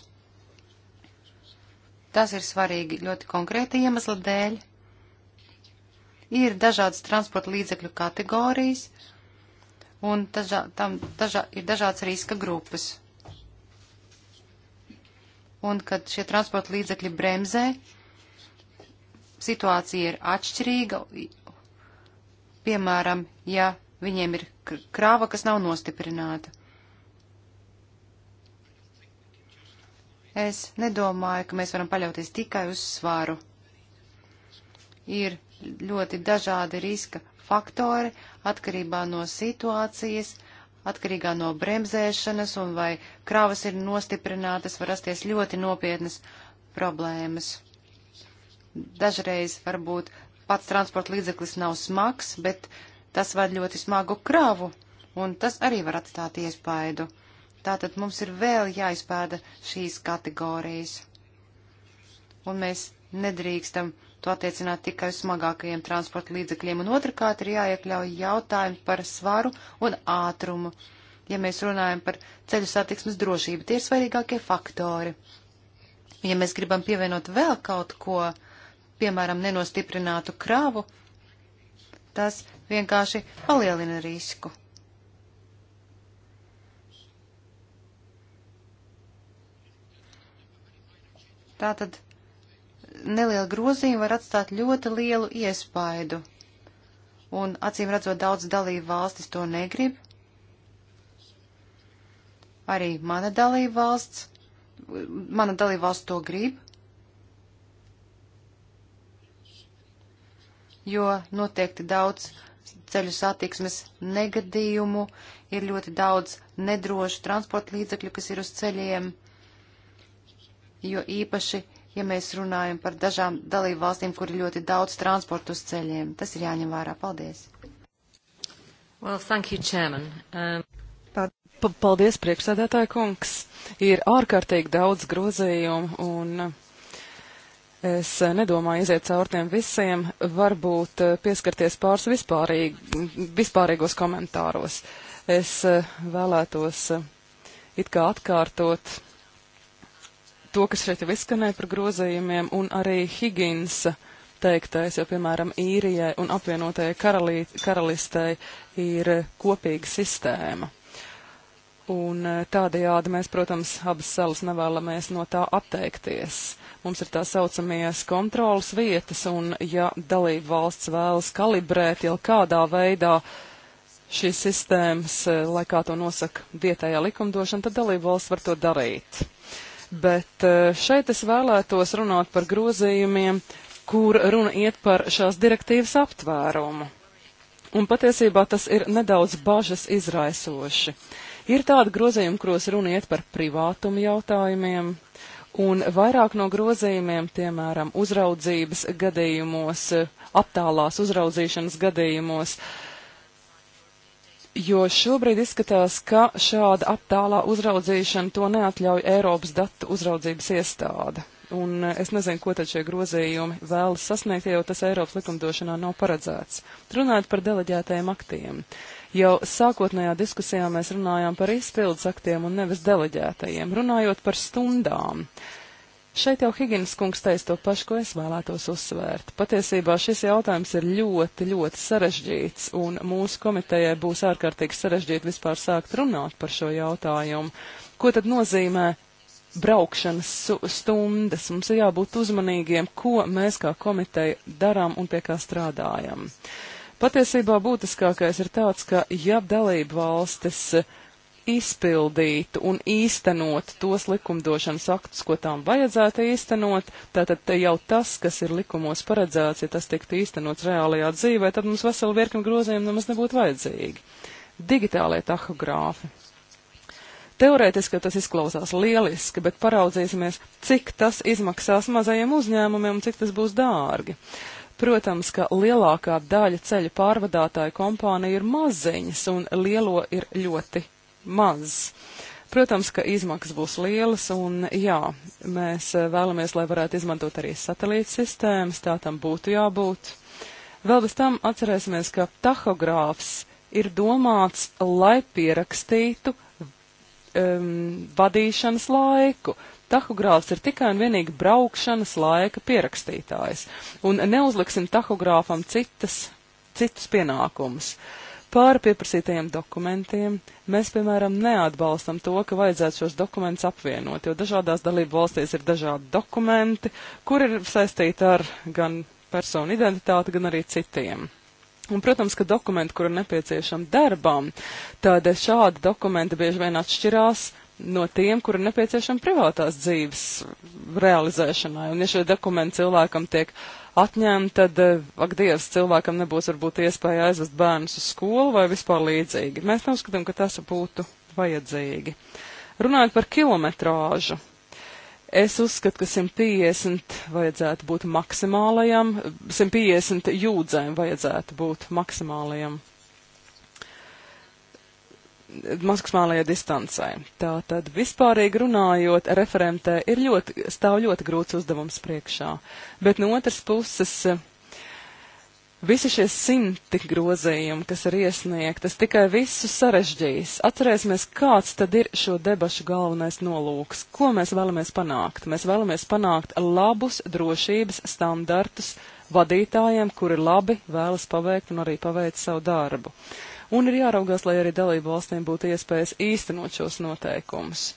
Tas ir svarīgi ļoti konkrēta iemesla dēļ. Ir dažādas transporta līdzekļu kategorijas, un dažā, tam dažā, ir dažādas riska grupas un kad šie transporta līdzekļi bremzē, situācija ir atšķirīga. Piemēram, ja viņiem ir krāva, kas nav nostiprināta. Es nedomāju, ka mēs varam paļauties tikai uz svāru. Ir ļoti dažādi riska faktori atkarībā no situācijas, atkarīgā no bremzēšanas un vai kravas ir nostiprinātas, var rasties ļoti nopietnas problēmas. Dažreiz varbūt pats transporta līdzeklis nav smags, bet tas var ļoti smagu kravu, un tas arī var atstāt iespaidu. Tātad mums ir vēl jāizpēda šīs kategorijas. Un mēs nedrīkstam to attiecināt tikai uz smagākajiem transporta līdzekļiem, un otrkārt ir jāiekļauj jautājumi par svaru un ātrumu. Ja mēs runājam par ceļu satiksmes drošību, tie ir svarīgākie faktori. Ja mēs gribam pievienot vēl kaut ko, piemēram, nenostiprinātu kravu, tas vienkārši palielina risku. Tātad neliela grozījuma var atstāt ļoti lielu iespaidu. Un acīm redzot, daudz dalību valstis to negrib. Arī mana dalība valsts, mana dalība valsts to grib. Jo noteikti daudz ceļu satiksmes negadījumu, ir ļoti daudz nedrošu transporta līdzekļu, kas ir uz ceļiem, jo īpaši ja mēs runājam par dažām dalību valstīm, kur ir ļoti daudz transportu uz ceļiem. Tas ir jāņem vērā. Paldies! Well, thank you, Chairman. Um... Paldies, priekšsēdētāja kungs. Ir ārkārtīgi daudz grozījumu un uh, es uh, nedomāju iziet caur tiem visiem, varbūt uh, pieskarties pāris vispārīgi, vispārīgos komentāros. Es vēlētos it kā atkārtot to, kas šeit jau izskanēja par grozījumiem, un arī Higinsa teiktais, jo, piemēram, īrijai un apvienotajai karalī, karalistei ir kopīga sistēma. Un e, tādējādi mēs, protams, abas salas nevēlamies no tā atteikties. Mums ir tā saucamies kontrolas vietas, un ja dalība valsts vēlas kalibrēt jau kādā veidā, šīs sistēmas, e, lai kā to nosaka vietējā likumdošana, tad dalība valsts var to darīt bet eh, šeit es vēlētos runāt par grozījumiem, kur runa iet par šās direktīvas aptvērumu. Un patiesībā tas ir nedaudz bažas izraisoši. Ir tādi grozījumi, kuros runa iet par privātumu jautājumiem, un vairāk no grozījumiem, piemēram, uzraudzības gadījumos, eh, aptālās uzraudzīšanas gadījumos, uh, jo šobrīd izskatās, ka šāda attālā uzraudzīšana to neatļauj Eiropas datu uzraudzības iestāde. Un e, es nezinu, ko tad šie grozījumi vēlas sasniegt, ja jau tas Eiropas likumdošanā nav paredzēts. Runājot par deleģētajiem aktiem. Jau sākotnējā diskusijā mēs runājām par izpildus aktiem un nevis deleģētajiem, runājot par stundām. Uh, Šeit jau Higgins kungs teica to pašu, ko es vēlētos uzsvērt. Patiesībā šis jautājums ir ļoti, ļoti sarežģīts, un mūsu komitejai būs ārkārtīgi sarežģīti vispār sākt runāt par šo jautājumu. Ko tad nozīmē braukšanas stundas? Mums ir jābūt uzmanīgiem, ko mēs kā komiteja darām un pie kā strādājam. Patiesībā būtiskākais ir tāds, ka ja dalība valstis uh, izpildītu un īstenotu tos likumdošanas aktus, ko tām vajadzētu īstenot, tātad te jau tas, kas ir likumos paredzēts, ja tas tiktu īstenots reālajā dzīvē, tad mums vesela virkni grozījumu nemaz nebūtu vajadzīgi. Digitālie tahogrāfi. Teorētiski tas izklausās lieliski, bet paraudzīsimies, cik tas izmaksās mazajiem uzņēmumiem un cik tas būs dārgi. Protams, ka lielākā daļa ceļu pārvadātāju kompānija ir maziņas un lielo ir ļoti maz. Protams, ka izmaksas būs lielas, un jā, mēs eh, vēlamies, lai varētu izmantot arī satelīta sistēmas, tā tam būtu jābūt. Vēl bez tam atcerēsimies, ka tahogrāfs ir domāts, lai pierakstītu um, vadīšanas laiku. Tahogrāfs ir tikai un vienīgi braukšanas laika pierakstītājs, un neuzliksim tahogrāfam citas, citus pienākumus. Uh, Pāri pieprasītajiem dokumentiem mēs, piemēram, neatbalstam to, ka vajadzētu šos dokumentus apvienot, jo dažādās dalību valstīs ir dažādi dokumenti, kur ir saistīti ar gan personu identitāti, gan arī citiem. Un, protams, ka dokumenti, kur ir nepieciešami darbam, tad šādi dokumenti bieži vien atšķirās no tiem, kuri nepieciešami privātās dzīves realizēšanai. Un, ja šie dokumenti cilvēkam tiek atņem, tad, eh, ak, Dievs, cilvēkam nebūs varbūt iespēja aizvest bērnus uz skolu vai vispār līdzīgi. Mēs neuzskatām, ka tas būtu vajadzīgi. Runājot par kilometrāžu, es uzskatu, ka 150 vajadzētu būt maksimālajam, 150 jūdzēm vajadzētu būt maksimālajam maksimālajai distancē. Tātad, vispārīgi runājot, referentē ir ļoti, stāv ļoti grūts uzdevums priekšā. Bet no otras puses, visi šie simti grozījumi, kas ir iesniegti, tas tikai visu sarežģīs. Atcerēsimies, kāds tad ir šo debašu galvenais nolūks. Ko mēs vēlamies panākt? Mēs vēlamies panākt labus drošības standartus vadītājiem, kuri labi vēlas paveikt un arī paveikt savu darbu un ir jāraugās, lai arī dalību valstīm būtu iespējas īstenot šos noteikumus.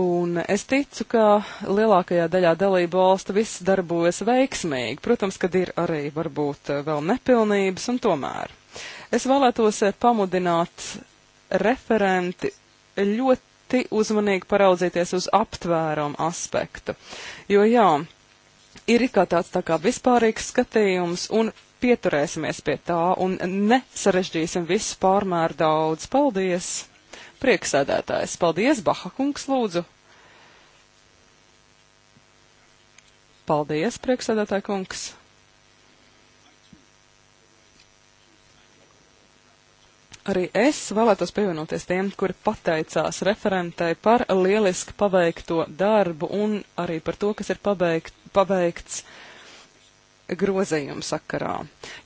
Un es ticu, ka lielākajā daļā dalību valstu viss darbojas veiksmīgi. Protams, kad ir arī varbūt eh, vēl nepilnības un tomēr. Es vēlētos eh, pamudināt referenti ļoti uzmanīgi paraudzīties uz aptvērumu aspektu. Jo jā, ir kā tāds tā kā vispārīgs skatījums un pieturēsimies pie tā un nesarežģīsim visu pārmēr daudz. Paldies! Prieksēdētājs, paldies, Baha kungs, lūdzu! Paldies, prieksēdētāja kungs! Arī es vēlētos pievienoties tiem, kuri pateicās referentai par lieliski paveikto darbu un arī par to, kas ir pabeigt, paveikts grozījumu sakarā.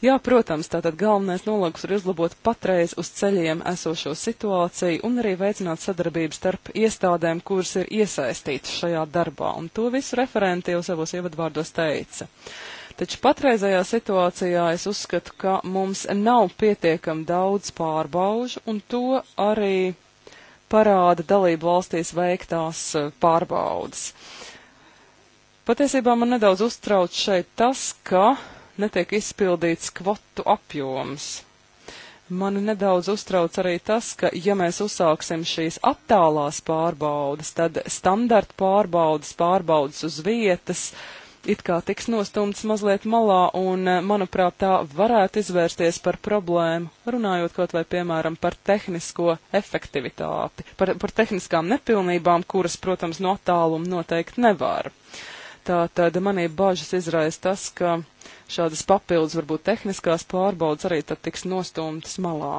Jā, protams, tātad galvenais nolūks ir uzlabot patreiz uz ceļiem esošo situāciju un arī veicināt sadarbību starp iestādēm, kuras ir iesaistītas šajā darbā, un to visu referenti jau savos ievadvārdos teica. Taču patreizajā situācijā es uzskatu, ka mums nav pietiekam daudz pārbaužu, un to arī parāda dalību valstīs veiktās eh, pārbaudas. Uh, Patiesībā man nedaudz uztrauc šeit tas, ka netiek izpildīts kvotu apjoms. Mani nedaudz uztrauc arī tas, ka, ja mēs uzsāksim šīs attālās pārbaudas, tad standarta pārbaudas, pārbaudas uz vietas, it kā tiks nostumts mazliet malā, un, eh, manuprāt, tā varētu izvērsties par problēmu, runājot kaut vai, piemēram, par tehnisko efektivitāti, par, par tehniskām nepilnībām, kuras, protams, no tāluma noteikti nevar. Uh, Tātad manī bažas izraisa tas, ka šādas papildus, varbūt tehniskās pārbaudas arī tad tiks nostumtas malā.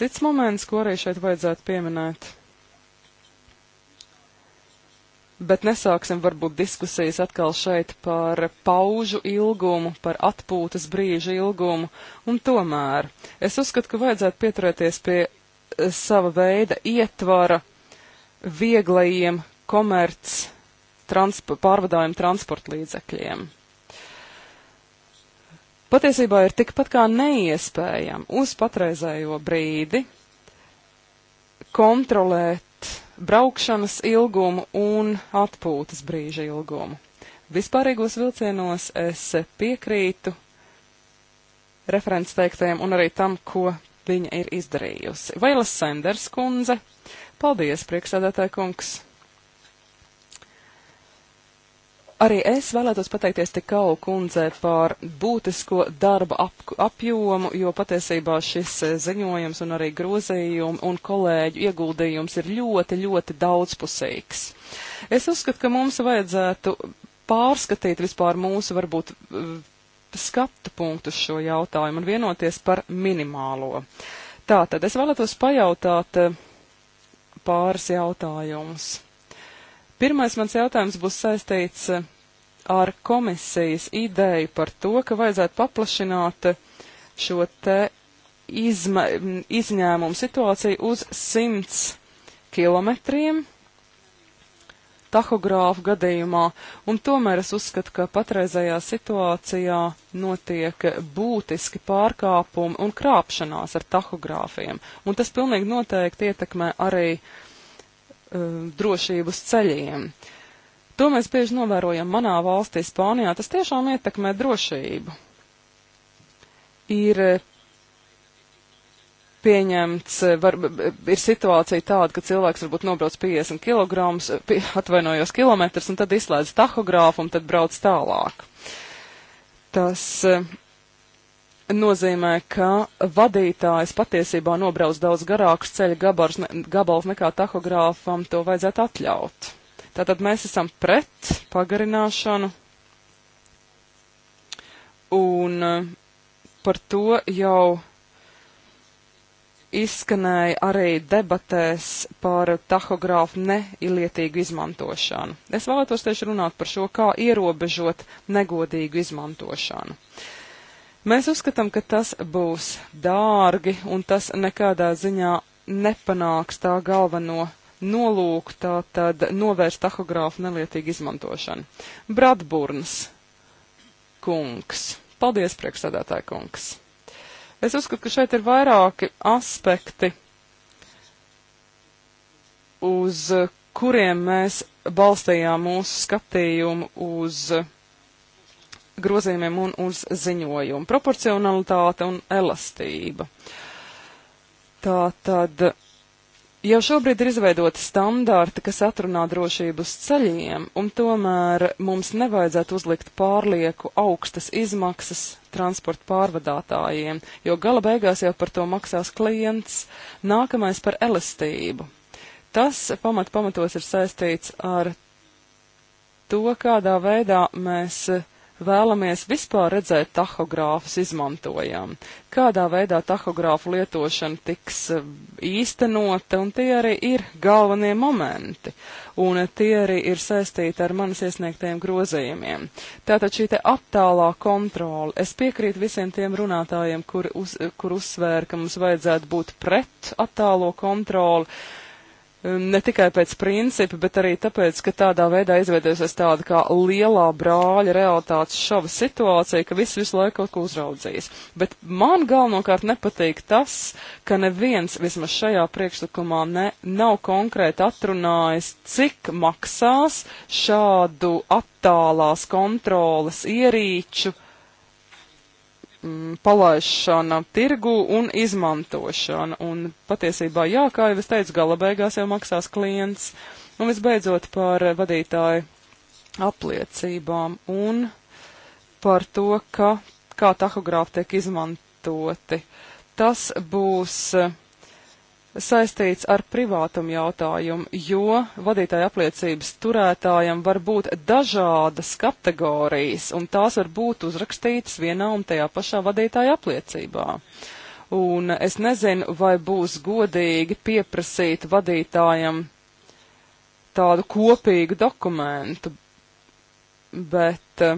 Cits moments, ko arī šeit vajadzētu pieminēt. Bet nesāksim varbūt diskusijas atkal šeit par paužu ilgumu, par atpūtas brīžu ilgumu, un tomēr es uzskatu, ka vajadzētu pieturēties pie eh, sava veida ietvara vieglajiem komerc transp pārvadājumu transporta līdzekļiem. Patiesībā ir tikpat kā neiespējami uz patreizējo brīdi kontrolēt braukšanas ilgumu un atpūtas brīža ilgumu. Vispārīgos vilcienos es piekrītu referents teiktajiem un arī tam, ko viņa ir izdarījusi. Vailas Sanders kundze, paldies, prieksēdētāja kungs! Arī es vēlētos pateikties Tikau kundzē par būtisko darba ap, apjomu, jo patiesībā šis eh, ziņojums un arī grozījumi un kolēģu ieguldījums ir ļoti, ļoti daudzpusīgs. Es uzskatu, ka mums vajadzētu pārskatīt vispār mūsu varbūt eh, skatu punktu uz šo jautājumu un vienoties par minimālo. Tātad es vēlētos pajautāt eh, pāris jautājumus. Pirmais mans jautājums būs saistīts eh, ar komisijas ideju par to, ka vajadzētu paplašināt eh, šo te izma, izņēmumu situāciju uz 100 kilometriem tahogrāfu gadījumā, un tomēr es uzskatu, ka patreizajā situācijā notiek būtiski pārkāpumi un krāpšanās ar tahogrāfiem, un tas pilnīgi noteikti ietekmē arī uh, Eh, drošību uz ceļiem. To mēs bieži novērojam manā valstī, Spānijā. Tas tiešām ietekmē drošību. Ir eh, pieņemts, eh, var, ir situācija tāda, ka cilvēks varbūt nobrauc 50 kg, pie, atvainojos kilometrus, un tad izslēdz tahogrāfu un tad brauc tālāk. Tas nozīmē, ka vadītājs patiesībā nobrauc daudz garāks ceļa gabals, ne, gabals nekā tahogrāfam to vajadzētu atļaut. Tātad mēs esam pret pagarināšanu, un eh, par to jau izskanēja arī debatēs par tahogrāfu neilietīgu izmantošanu. Es vēlētos tieši runāt par šo, kā ierobežot negodīgu izmantošanu. Uh, Mēs uzskatām, ka tas būs dārgi un tas nekādā ziņā nepanāks tā galveno nolūku, tā tad novērst tahogrāfu nelietīgu izmantošanu. Bratburns kungs. Paldies, priekšsēdētāja kungs. Es uzskatu, ka šeit ir vairāki aspekti, uz kuriem mēs balstījām mūsu skatījumu uz uh, grozījumiem un uz ziņojumu. Proporcionalitāte un elastība. Tā tad jau šobrīd ir izveidoti standarti, kas atrunā drošību uz ceļiem, un tomēr mums nevajadzētu uzlikt pārlieku augstas izmaksas transporta pārvadātājiem, jo gala beigās jau par to maksās klients. Nākamais par elastību. Tas pamat pamatos ir saistīts ar to, kādā veidā mēs uh, vēlamies vispār redzēt tahogrāfus izmantojam, kādā veidā tahogrāfu lietošana tiks eh, īstenota, un tie arī ir galvenie momenti, un eh, tie arī ir saistīti ar manas iesniegtajiem grozījumiem. Tātad šī te aptālā kontrola, es piekrītu visiem tiem runātājiem, kur, uz, eh, kur uzsvēra, ka mums vajadzētu būt pret aptālo kontroli, ne tikai pēc principa, bet arī tāpēc, ka tādā veidā izveidojusies tāda kā lielā brāļa realitātes šova situācija, ka viss visu laiku kaut ko uzraudzīs. Bet man galvenokārt nepatīk tas, ka neviens vismaz šajā priekšlikumā ne, nav konkrēti atrunājis, cik maksās šādu attālās kontrolas ierīču mm, palaišana tirgu un izmantošana. Un patiesībā, jā, kā jau es teicu, gala beigās jau maksās klients. Un visbeidzot par vadītāju apliecībām un par to, ka, kā tahogrāfi tiek izmantoti. Tas būs uh, saistīts ar privātumu jautājumu, jo vadītāja apliecības turētājam var būt dažādas kategorijas, un tās var būt uzrakstītas vienā un tajā pašā vadītāja apliecībā. Un es nezinu, vai būs godīgi pieprasīt vadītājam tādu kopīgu dokumentu, bet uh,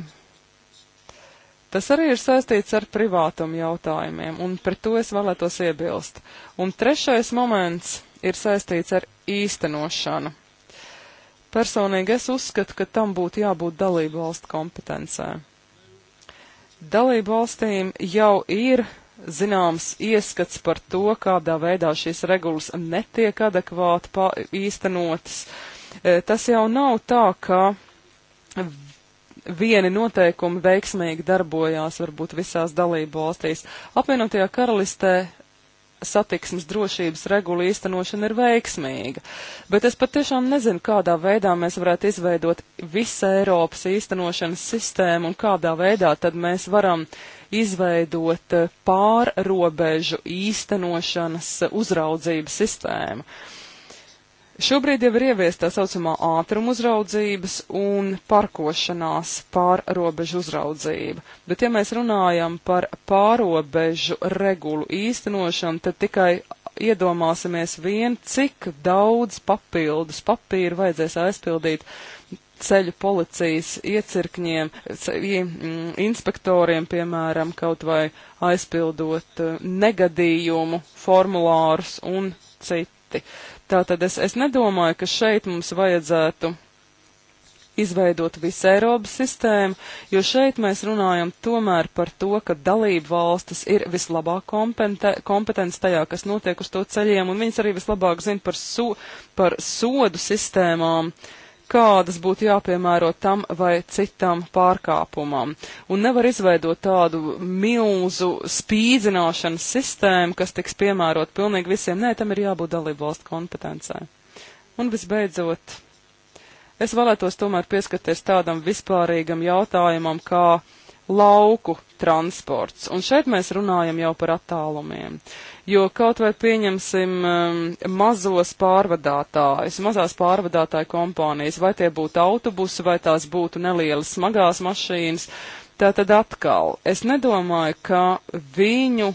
Tas arī ir saistīts ar privātumu jautājumiem, un pret to es vēlētos iebilst. Un trešais moments ir saistīts ar īstenošanu. Personīgi es uzskatu, ka tam būtu jābūt dalību valstu kompetencē. Dalību valstīm jau ir zināms ieskats par to, kādā veidā šīs regulas netiek adekvāti īstenotas. E, tas jau nav tā, ka vieni noteikumi veiksmīgi darbojās varbūt visās dalību valstīs. Apvienotajā karalistē satiksmes drošības regula īstenošana ir veiksmīga, bet es patiešām nezinu, kādā veidā mēs varētu izveidot visu Eiropas īstenošanas sistēmu un kādā veidā tad mēs varam izveidot eh, pārrobežu īstenošanas uzraudzību sistēmu. Uh, Šobrīd jau ir ieviesta tā saucamā ātruma uzraudzības un parkošanās pārrobežu uzraudzība, bet ja mēs runājam par pārobežu regulu īstenošanu, tad tikai iedomāsimies vien, cik daudz papildus papīru vajadzēs aizpildīt ceļu policijas iecirkņiem, mm, inspektoriem, piemēram, kaut vai aizpildot eh, negadījumu formulārus un citi. Tātad es, es nedomāju, ka šeit mums vajadzētu izveidot visu Eiropas sistēmu, jo šeit mēs runājam tomēr par to, ka dalību valstis ir vislabāk kompetents tajā, kas notiek uz to ceļiem, un viņas arī vislabāk zina par, so, par sodu sistēmām, uh, kādas būtu jāpiemēro tam vai citam pārkāpumam. Un nevar izveidot tādu milzu spīdzināšanas sistēmu, kas tiks piemērot pilnīgi visiem. Nē, tam ir jābūt dalību valstu kompetencē. Un visbeidzot, es vēlētos tomēr pieskaties tādam vispārīgam jautājumam, kā lauku transports. Un šeit mēs runājam jau par attālumiem. Jo kaut vai pieņemsim um, mazos pārvadātājus, mazās pārvadātāju kompānijas, vai tie būtu autobusi, vai tās būtu nelielas smagās mašīnas, tātad atkal es nedomāju, ka viņu.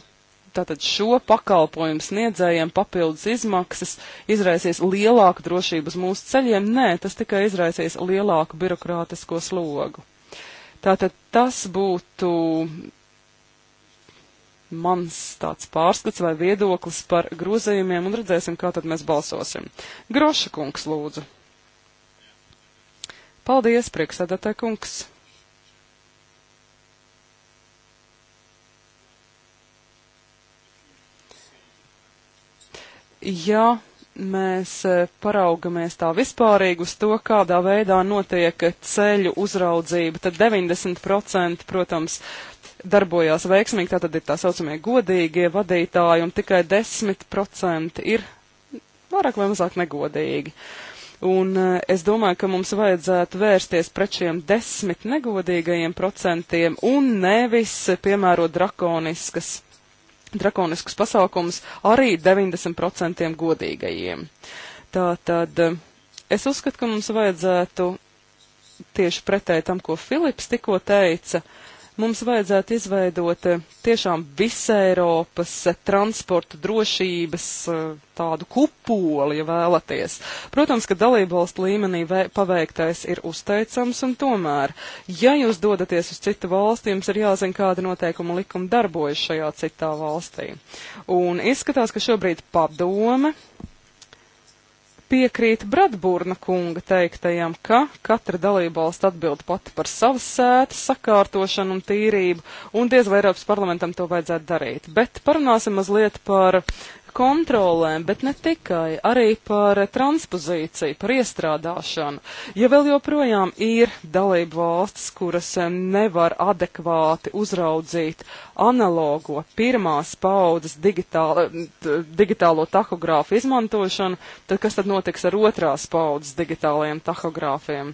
Tātad šo pakalpojumu sniedzējiem papildus izmaksas izraisīs lielāku drošību uz mūsu ceļiem. Nē, tas tikai izraisīs lielāku birokrātisko slogu. Tātad tas būtu mans tāds pārskats vai viedoklis par grozījumiem un redzēsim, kā tad mēs balsosim. Groša kungs lūdzu. Paldies, prieksēdētāj kungs. Ja mēs eh, paraugamies tā vispārīgi uz to, kādā veidā notiek ceļu uzraudzība, tad 90%, protams, darbojās veiksmīgi, tātad ir tā saucamie godīgie vadītāji, un tikai 10% ir vairāk vai mazāk negodīgi. Un eh, es domāju, ka mums vajadzētu vērsties pret šiem desmit negodīgajiem procentiem un nevis piemērot drakoniskas drakoniskus pasākumus arī 90% godīgajiem. Tātad es uzskatu, ka mums vajadzētu tieši pretēji tam, ko Filips tikko teica, uh, Mums vajadzētu izveidot eh, tiešām visai Eiropas eh, transporta drošības eh, tādu kupoli, ja vēlaties. Protams, ka dalībvalstu līmenī paveiktais ir uzteicams, un tomēr, ja jūs dodaties uz citu valsti, jums ir jāzina, kāda noteikuma likuma darbojas šajā citā valstī. Un izskatās, ka šobrīd padome piekrīt Bradburna kunga teiktajam, ka katra dalībvalsts atbild pati par savas sētas sakārtošanu un tīrību, un diez vai Eiropas parlamentam to vajadzētu darīt. Bet parunāsim mazliet par kontrolēm, bet ne tikai, arī par transpozīciju, par iestrādāšanu. Ja vēl joprojām ir dalību valstis, kuras nevar adekvāti uzraudzīt analogo pirmās paudzes digitālo, digitālo tahogrāfu izmantošanu, tad kas tad notiks ar otrās paudzes digitālajiem tahogrāfiem?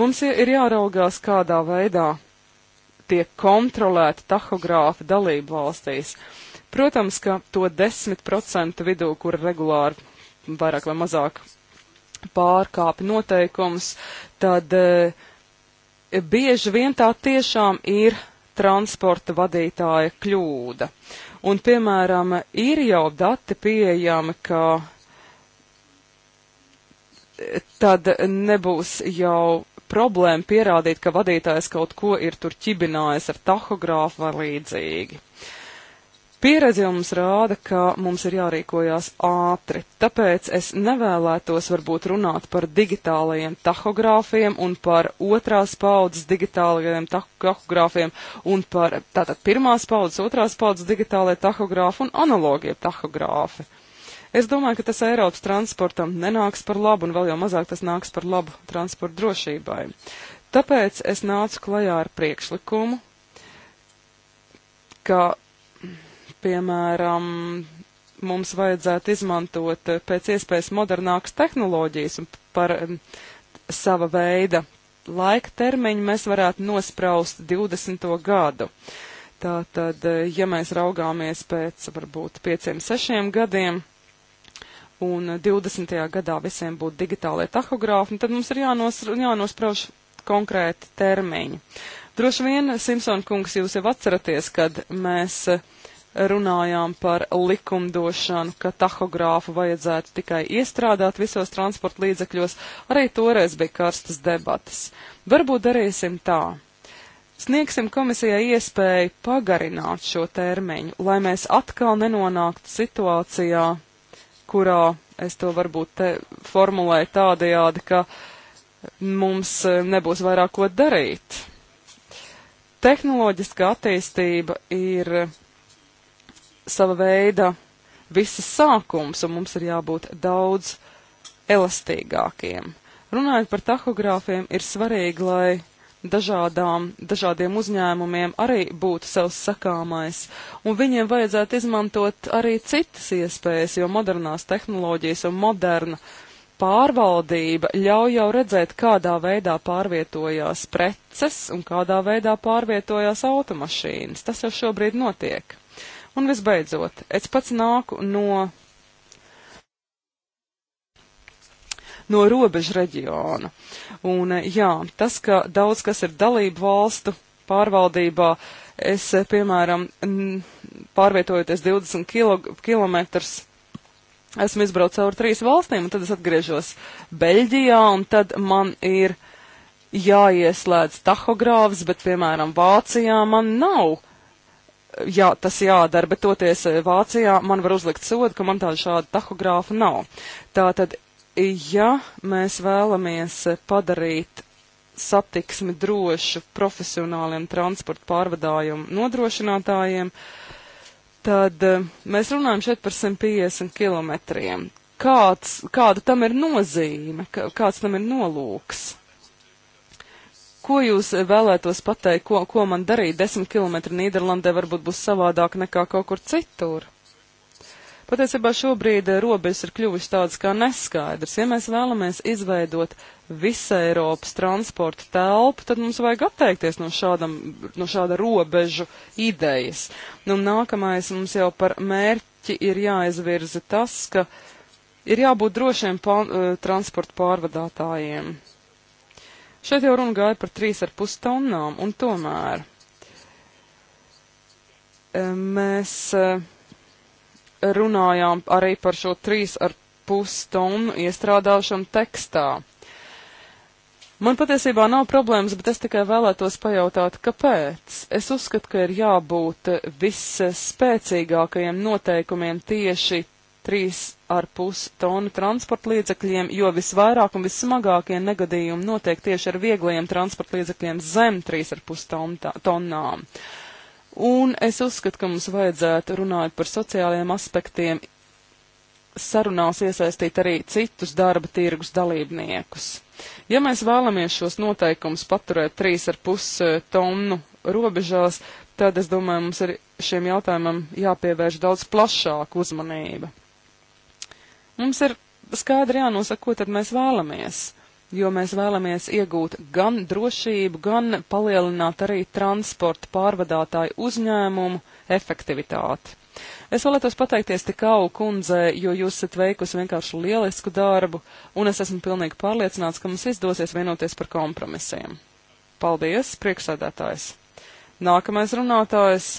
Mums ir jāraugās, kādā veidā tiek kontrolēta tahogrāfa dalību valstīs. Uh, Protams, ka to 10% vidū, kur regulāri vairāk vai mazāk pārkāpi noteikums, tad e, bieži vien tā tiešām ir transporta vadītāja kļūda. Un, piemēram, ir jau dati pieejami, ka eh, tad nebūs jau problēma pierādīt, ka vadītājs kaut ko ir tur ķibinājis ar tahogrāfu vai līdzīgi. Uh, Pieredze mums rāda, ka mums ir jārīkojās ātri, tāpēc es nevēlētos varbūt runāt par digitālajiem tahogrāfiem un par otrās paudzes digitālajiem tahogrāfiem un par tātad pirmās paudzes, otrās paudzes digitālajie tahogrāfi un analogie tahogrāfi. Es domāju, ka tas Eiropas transportam nenāks par labu, un vēl jau mazāk tas nāks par labu transporta drošībai. Tāpēc es nācu klajā ar priekšlikumu, ka piemēram, mums vajadzētu izmantot eh, pēc iespējas modernākas tehnoloģijas un par eh, sava veida laika termiņu mēs varētu nospraust 20. gadu. Tātad, eh, ja mēs raugāmies pēc varbūt 5-6 gadiem, un 20. gadā visiem būtu digitālai tahogrāfi, tad mums ir jānos, jānosprauž konkrēti termiņi. Droši vien, Simpson kungs, jūs jau atceraties, kad mēs uh, runājām par likumdošanu, ka tahogrāfu vajadzētu tikai iestrādāt visos transporta līdzekļos, arī toreiz bija karstas debatas. Varbūt darīsim tā. Sniegsim komisijai iespēju pagarināt šo termiņu, lai mēs atkal nenonāktu situācijā, kurā es to varbūt te formulēju tādajādi, ka mums nebūs vairāk ko darīt. Tehnoloģiskā attīstība ir sava veida visas sākums, un mums ir jābūt daudz elastīgākiem. Runājot par tahogrāfiem, ir svarīgi, lai dažādām, dažādiem uzņēmumiem arī būtu savs sakāmais, un viņiem vajadzētu izmantot arī citas iespējas, jo modernās tehnoloģijas un moderna pārvaldība ļauj jau redzēt, kādā veidā pārvietojās preces un kādā veidā pārvietojās automašīnas. Tas jau šobrīd notiek. Un visbeidzot, es pats nāku no, no robežu reģiona. Un eh, jā, tas, ka daudz kas ir dalību valstu pārvaldībā, es, eh, piemēram, pārvietojoties 20 kilo, kilometrus esmu izbraucis cauri trīs valstīm, un tad es atgriežos Beļģijā, un tad man ir jāieslēdz tahogrāfs, bet, piemēram, Vācijā man nav jā, tas jādara, bet toties e, Vācijā man var uzlikt sodu, ka man tāda šāda tahogrāfa nav. Tātad, ja mēs vēlamies e, padarīt satiksmi drošu profesionāliem transporta pārvadājumu nodrošinātājiem, tad e, mēs runājam šeit par 150 kilometriem. Kāds, kāda tam ir nozīme, kāds tam ir nolūks? Ko jūs vēlētos pateikt, ko, ko man darīt desmit kilometri Nīderlandē varbūt būs savādāk nekā kaut kur citur? Patiesībā šobrīd eh, robežas ir kļuvušas tādas kā neskaidras. Ja mēs vēlamies izveidot visu Eiropas transporta telpu, tad mums vajag atteikties no, šādam, no šāda robežu idejas. Nu, nākamais mums jau par mērķi ir jāizvirza tas, ka ir jābūt drošiem pa, eh, transporta pārvadātājiem. Šeit jau runa gāja par 3,5 tonnām, un tomēr eh, mēs eh, runājām arī par šo 3,5 tonu iestrādāšanu tekstā. Man patiesībā nav problēmas, bet es tikai vēlētos pajautāt, kāpēc. Es uzskatu, ka ir jābūt visspēcīgākajiem noteikumiem tieši 3,5 tonu transportlīdzekļiem, jo visvairāk un vissmagākie negadījumi notiek tieši ar viegliem transportlīdzekļiem zem 3,5 ton, tonnām. Un es uzskatu, ka mums vajadzētu runāt par sociālajiem aspektiem, sarunās iesaistīt arī citus darba tirgus dalībniekus. Ja mēs vēlamies šos noteikumus paturēt 3,5 e, tonu robežās, tad es domāju, mums ir šiem jautājumam jāpievērš daudz plašāka uzmanība. Mums ir skaidri jānosaka, ko tad mēs vēlamies, jo mēs vēlamies iegūt gan drošību, gan palielināt arī transporta pārvadātāju uzņēmumu efektivitāti. Es vēlētos pateikties Tikau kundzē, jo jūs esat veikusi vienkārši lielisku darbu, un es esmu pilnīgi pārliecināts, ka mums izdosies vienoties par kompromisiem. Paldies, priekšsēdētājs. Nākamais runātājs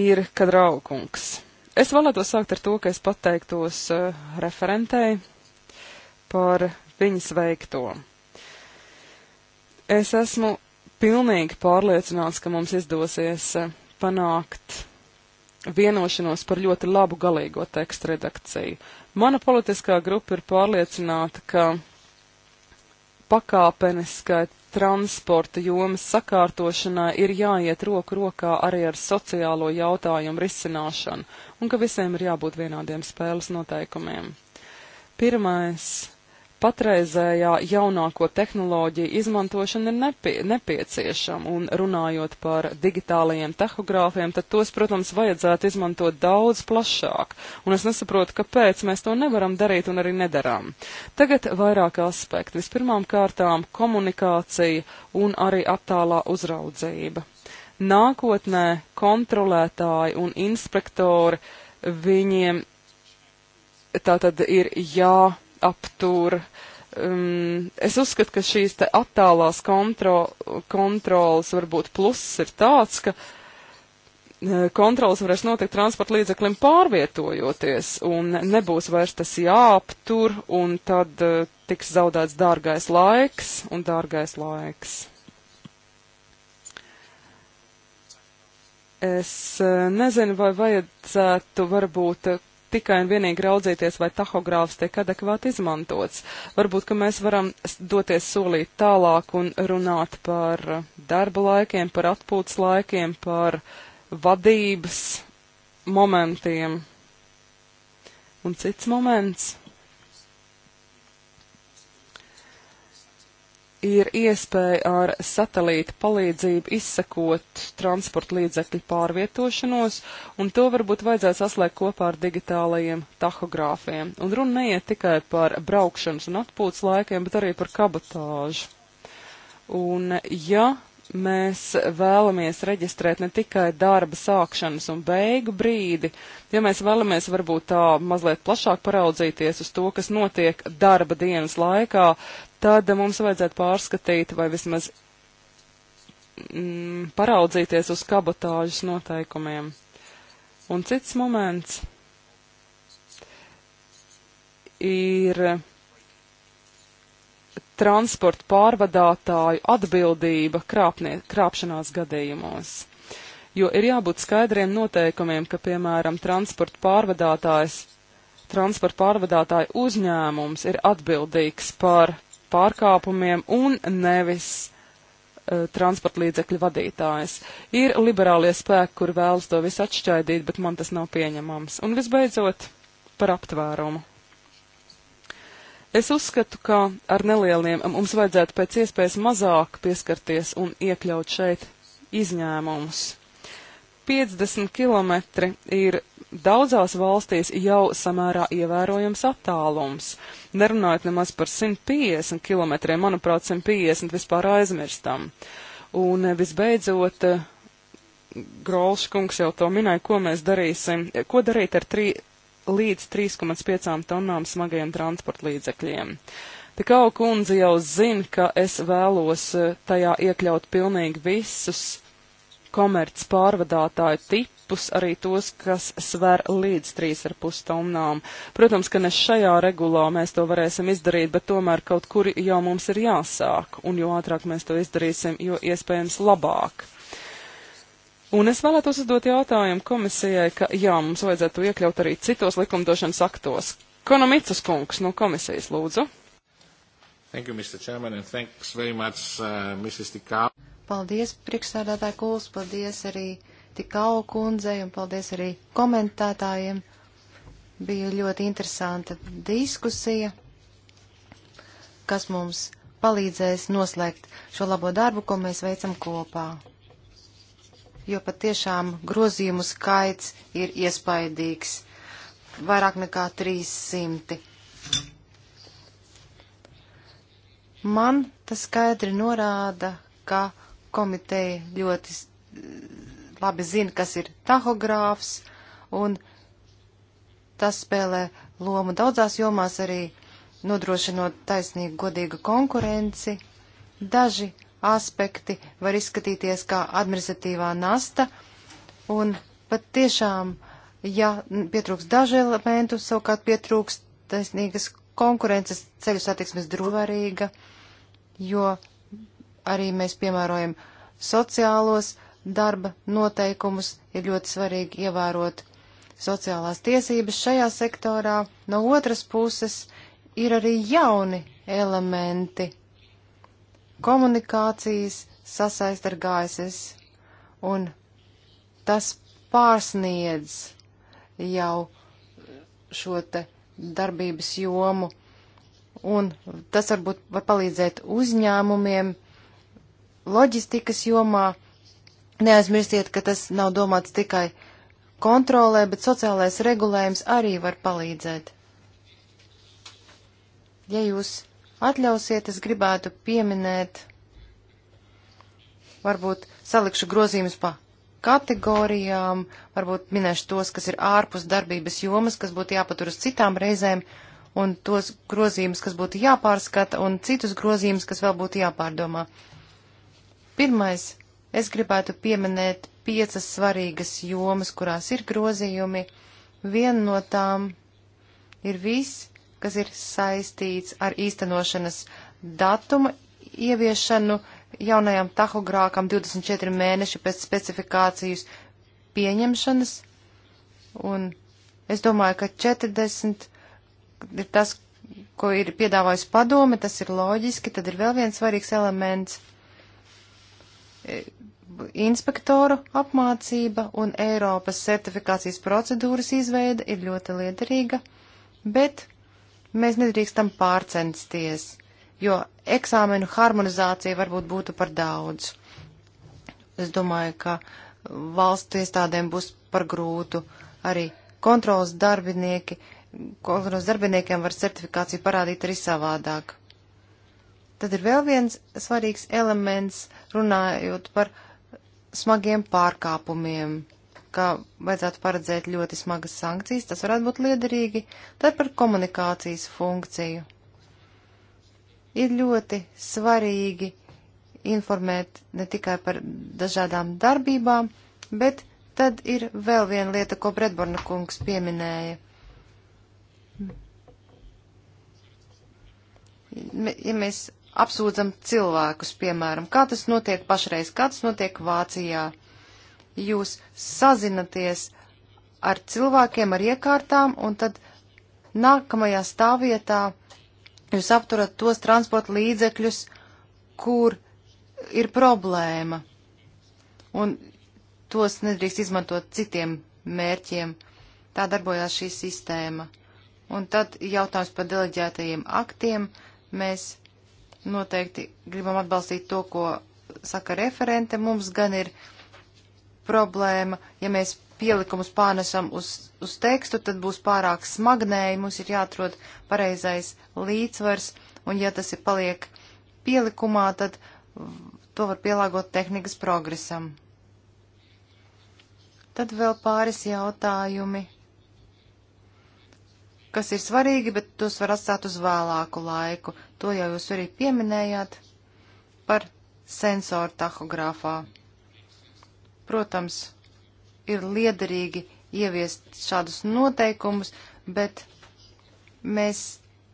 ir Kadraukungs. Es vēlētos sākt ar to, ka es pateiktos uh, referentei par viņas veikto. Es esmu pilnīgi pārliecināts, ka mums izdosies uh, panākt vienošanos par ļoti labu galīgo tekstu redakciju. Mana politiskā grupa ir pārliecināta, ka pakāpeniskai transporta jomas sakārtošanai ir jāiet roku rokā arī ar sociālo jautājumu risināšanu un ka visiem ir jābūt vienādiem spēles noteikumiem. Pirmais patreizējā jaunāko tehnoloģiju izmantošana ir nepie, nepieciešama, un runājot par digitālajiem tehogrāfiem, tad tos, protams, vajadzētu izmantot daudz plašāk, un es nesaprotu, kāpēc mēs to nevaram darīt un arī nedaram. Tagad vairāk aspekti. Vispirmām kārtām komunikācija un arī attālā uzraudzība. Nākotnē kontrolētāji un inspektori viņiem tātad ir jā. Ja aptur. Um, es uzskatu, ka šīs te attālās kontro, kontrolas varbūt pluss ir tāds, ka uh, kontrolas varēs notikt transporta līdzeklim pārvietojoties un nebūs vairs tas jāaptur un tad uh, tiks zaudēts dārgais laiks un dārgais laiks. Es uh, nezinu, vai vajadzētu varbūt tikai un vienīgi raudzīties, vai tahogrāfs tiek adekvāti izmantots. Varbūt, ka mēs varam doties solīt tālāk un runāt par darba laikiem, par atpūtas laikiem, par vadības momentiem. Un cits moments ir iespēja ar satelīta palīdzību izsekot transporta līdzekļu pārvietošanos, un to varbūt vajadzētu saslēgt kopā ar digitālajiem tahogrāfiem. Un runa neiet tikai par braukšanas un atpūtas laikiem, bet arī par kabatāžu. Un ja mēs vēlamies reģistrēt ne tikai darba sākšanas un beigu brīdi, ja mēs vēlamies varbūt tā mazliet plašāk paraudzīties uz to, kas notiek darba dienas laikā, tad mums vajadzētu pārskatīt vai vismaz mm, paraudzīties uz kabotāžas noteikumiem. Un cits moments ir transporta pārvadātāju atbildība krāpnie, krāpšanās gadījumos. Jo ir jābūt skaidriem noteikumiem, ka, piemēram, transporta pārvadātājs, transporta pārvadātāja uzņēmums ir atbildīgs par pārkāpumiem un nevis uh, transporta līdzekļu vadītājs. Ir liberālie spēki, kur vēlas to visu atšķaidīt, bet man tas nav pieņemams. Un visbeidzot, par aptvērumu. Es uzskatu, ka ar nelieliem mums vajadzētu pēc iespējas mazāk pieskarties un iekļaut šeit izņēmumus. 50 km ir daudzās valstīs jau samērā ievērojams attālums. Nerunājot nemaz par 150 km, manuprāt, 150 vispār aizmirstam. Un eh, visbeidzot, eh, Grolškungs jau to minēja, ko mēs darīsim, eh, ko darīt ar 3 līdz 3,5 tonnām smagajiem transporta līdzekļiem. Tikau kundze jau zina, ka es vēlos e, tajā iekļaut pilnīgi visus komerc pārvadātāju tipus, arī tos, kas sver līdz 3,5 tonnām. Protams, ka ne šajā regulā mēs to varēsim izdarīt, bet tomēr kaut kur jau mums ir jāsāk, un jo ātrāk mēs to izdarīsim, jo iespējams labāk. Un es vēlētos uzdot jautājumu komisijai, ka jā, mums vajadzētu to iekļaut arī citos likumdošanas aktos. Konomicas kungs no komisijas, lūdzu. Thank you, Mr. Chairman, and thanks very much, uh, Mrs. Tikau. Paldies, priekšsādātāja kūls, paldies arī Tikau kundzei un paldies arī komentētājiem. Bija ļoti interesanta diskusija, kas mums palīdzēs noslēgt šo labo darbu, ko mēs veicam kopā jo patiešām grozījumu skaits ir iespaidīgs - vairāk nekā 300. Man tas skaidri norāda, ka komiteja ļoti labi zina, kas ir tahogrāfs, un tas spēlē lomu daudzās jomās arī nodrošinot taisnīgu, godīgu konkurenci. Daži aspekti var izskatīties kā administratīvā nasta, un pat tiešām, ja pietrūks daži elementu, savukārt pietrūks taisnīgas konkurences ceļu satiksmes drūvarīga, jo arī mēs piemērojam sociālos darba noteikumus, ir ļoti svarīgi ievērot sociālās tiesības šajā sektorā. No otras puses ir arī jauni elementi komunikācijas sasaist ar gaises, un tas pārsniedz jau šo te darbības jomu, un tas varbūt var palīdzēt uzņēmumiem loģistikas jomā. Neaizmirstiet, ka tas nav domāts tikai kontrolē, bet sociālais regulējums arī var palīdzēt. Ja jūs Atļausiet, es gribētu pieminēt, varbūt salikšu grozījumus pa kategorijām, varbūt minēšu tos, kas ir ārpus darbības jomas, kas būtu jāpatur uz citām reizēm, un tos grozījumus, kas būtu jāpārskata, un citus grozījumus, kas vēl būtu jāpārdomā. Pirmais, es gribētu pieminēt piecas svarīgas jomas, kurās ir grozījumi. Viena no tām ir viss, kas ir saistīts ar īstenošanas datuma ieviešanu jaunajam tahogrākam 24 mēneši pēc specifikācijas pieņemšanas. Un es domāju, ka 40 ir tas, ko ir piedāvājis padome, tas ir loģiski, tad ir vēl viens svarīgs elements e, inspektoru apmācība un Eiropas certifikācijas procedūras izveida ir ļoti liederīga, bet Mēs nedrīkstam pārcensties, jo eksāmenu harmonizācija varbūt būtu par daudz. Es domāju, ka valsts iestādēm būs par grūtu arī kontrolas darbinieki, kontrolas darbiniekiem var certifikāciju parādīt arī savādāk. Tad ir vēl viens svarīgs elements, runājot par smagiem pārkāpumiem ka vajadzētu paredzēt ļoti smagas sankcijas, tas varētu būt liederīgi, tad par komunikācijas funkciju. Ir ļoti svarīgi informēt ne tikai par dažādām darbībām, bet tad ir vēl viena lieta, ko Bredborna kungs pieminēja. Ja mēs apsūdzam cilvēkus, piemēram, kā tas notiek pašreiz, kā tas notiek Vācijā jūs sazinaties ar cilvēkiem, ar iekārtām, un tad nākamajā stāvvietā jūs apturat tos transporta līdzekļus, kur ir problēma, un tos nedrīkst izmantot citiem mērķiem. Tā darbojās šī sistēma. Un tad jautājums par deleģētajiem aktiem. Mēs noteikti gribam atbalstīt to, ko saka referente. Mums gan ir uh, problēma, ja mēs pielikumus pārnesam uz, uz tekstu, tad būs pārāk smagnēji, mums ir jāatrod pareizais līdzsvars, un ja tas ir paliek pielikumā, tad to var pielāgot tehnikas progresam. Tad vēl pāris jautājumi, kas ir svarīgi, bet tos var atstāt uz vēlāku laiku. To jau jūs arī pieminējāt par sensoru tahogrāfā. Protams, ir liederīgi ieviest šādus noteikumus, bet mēs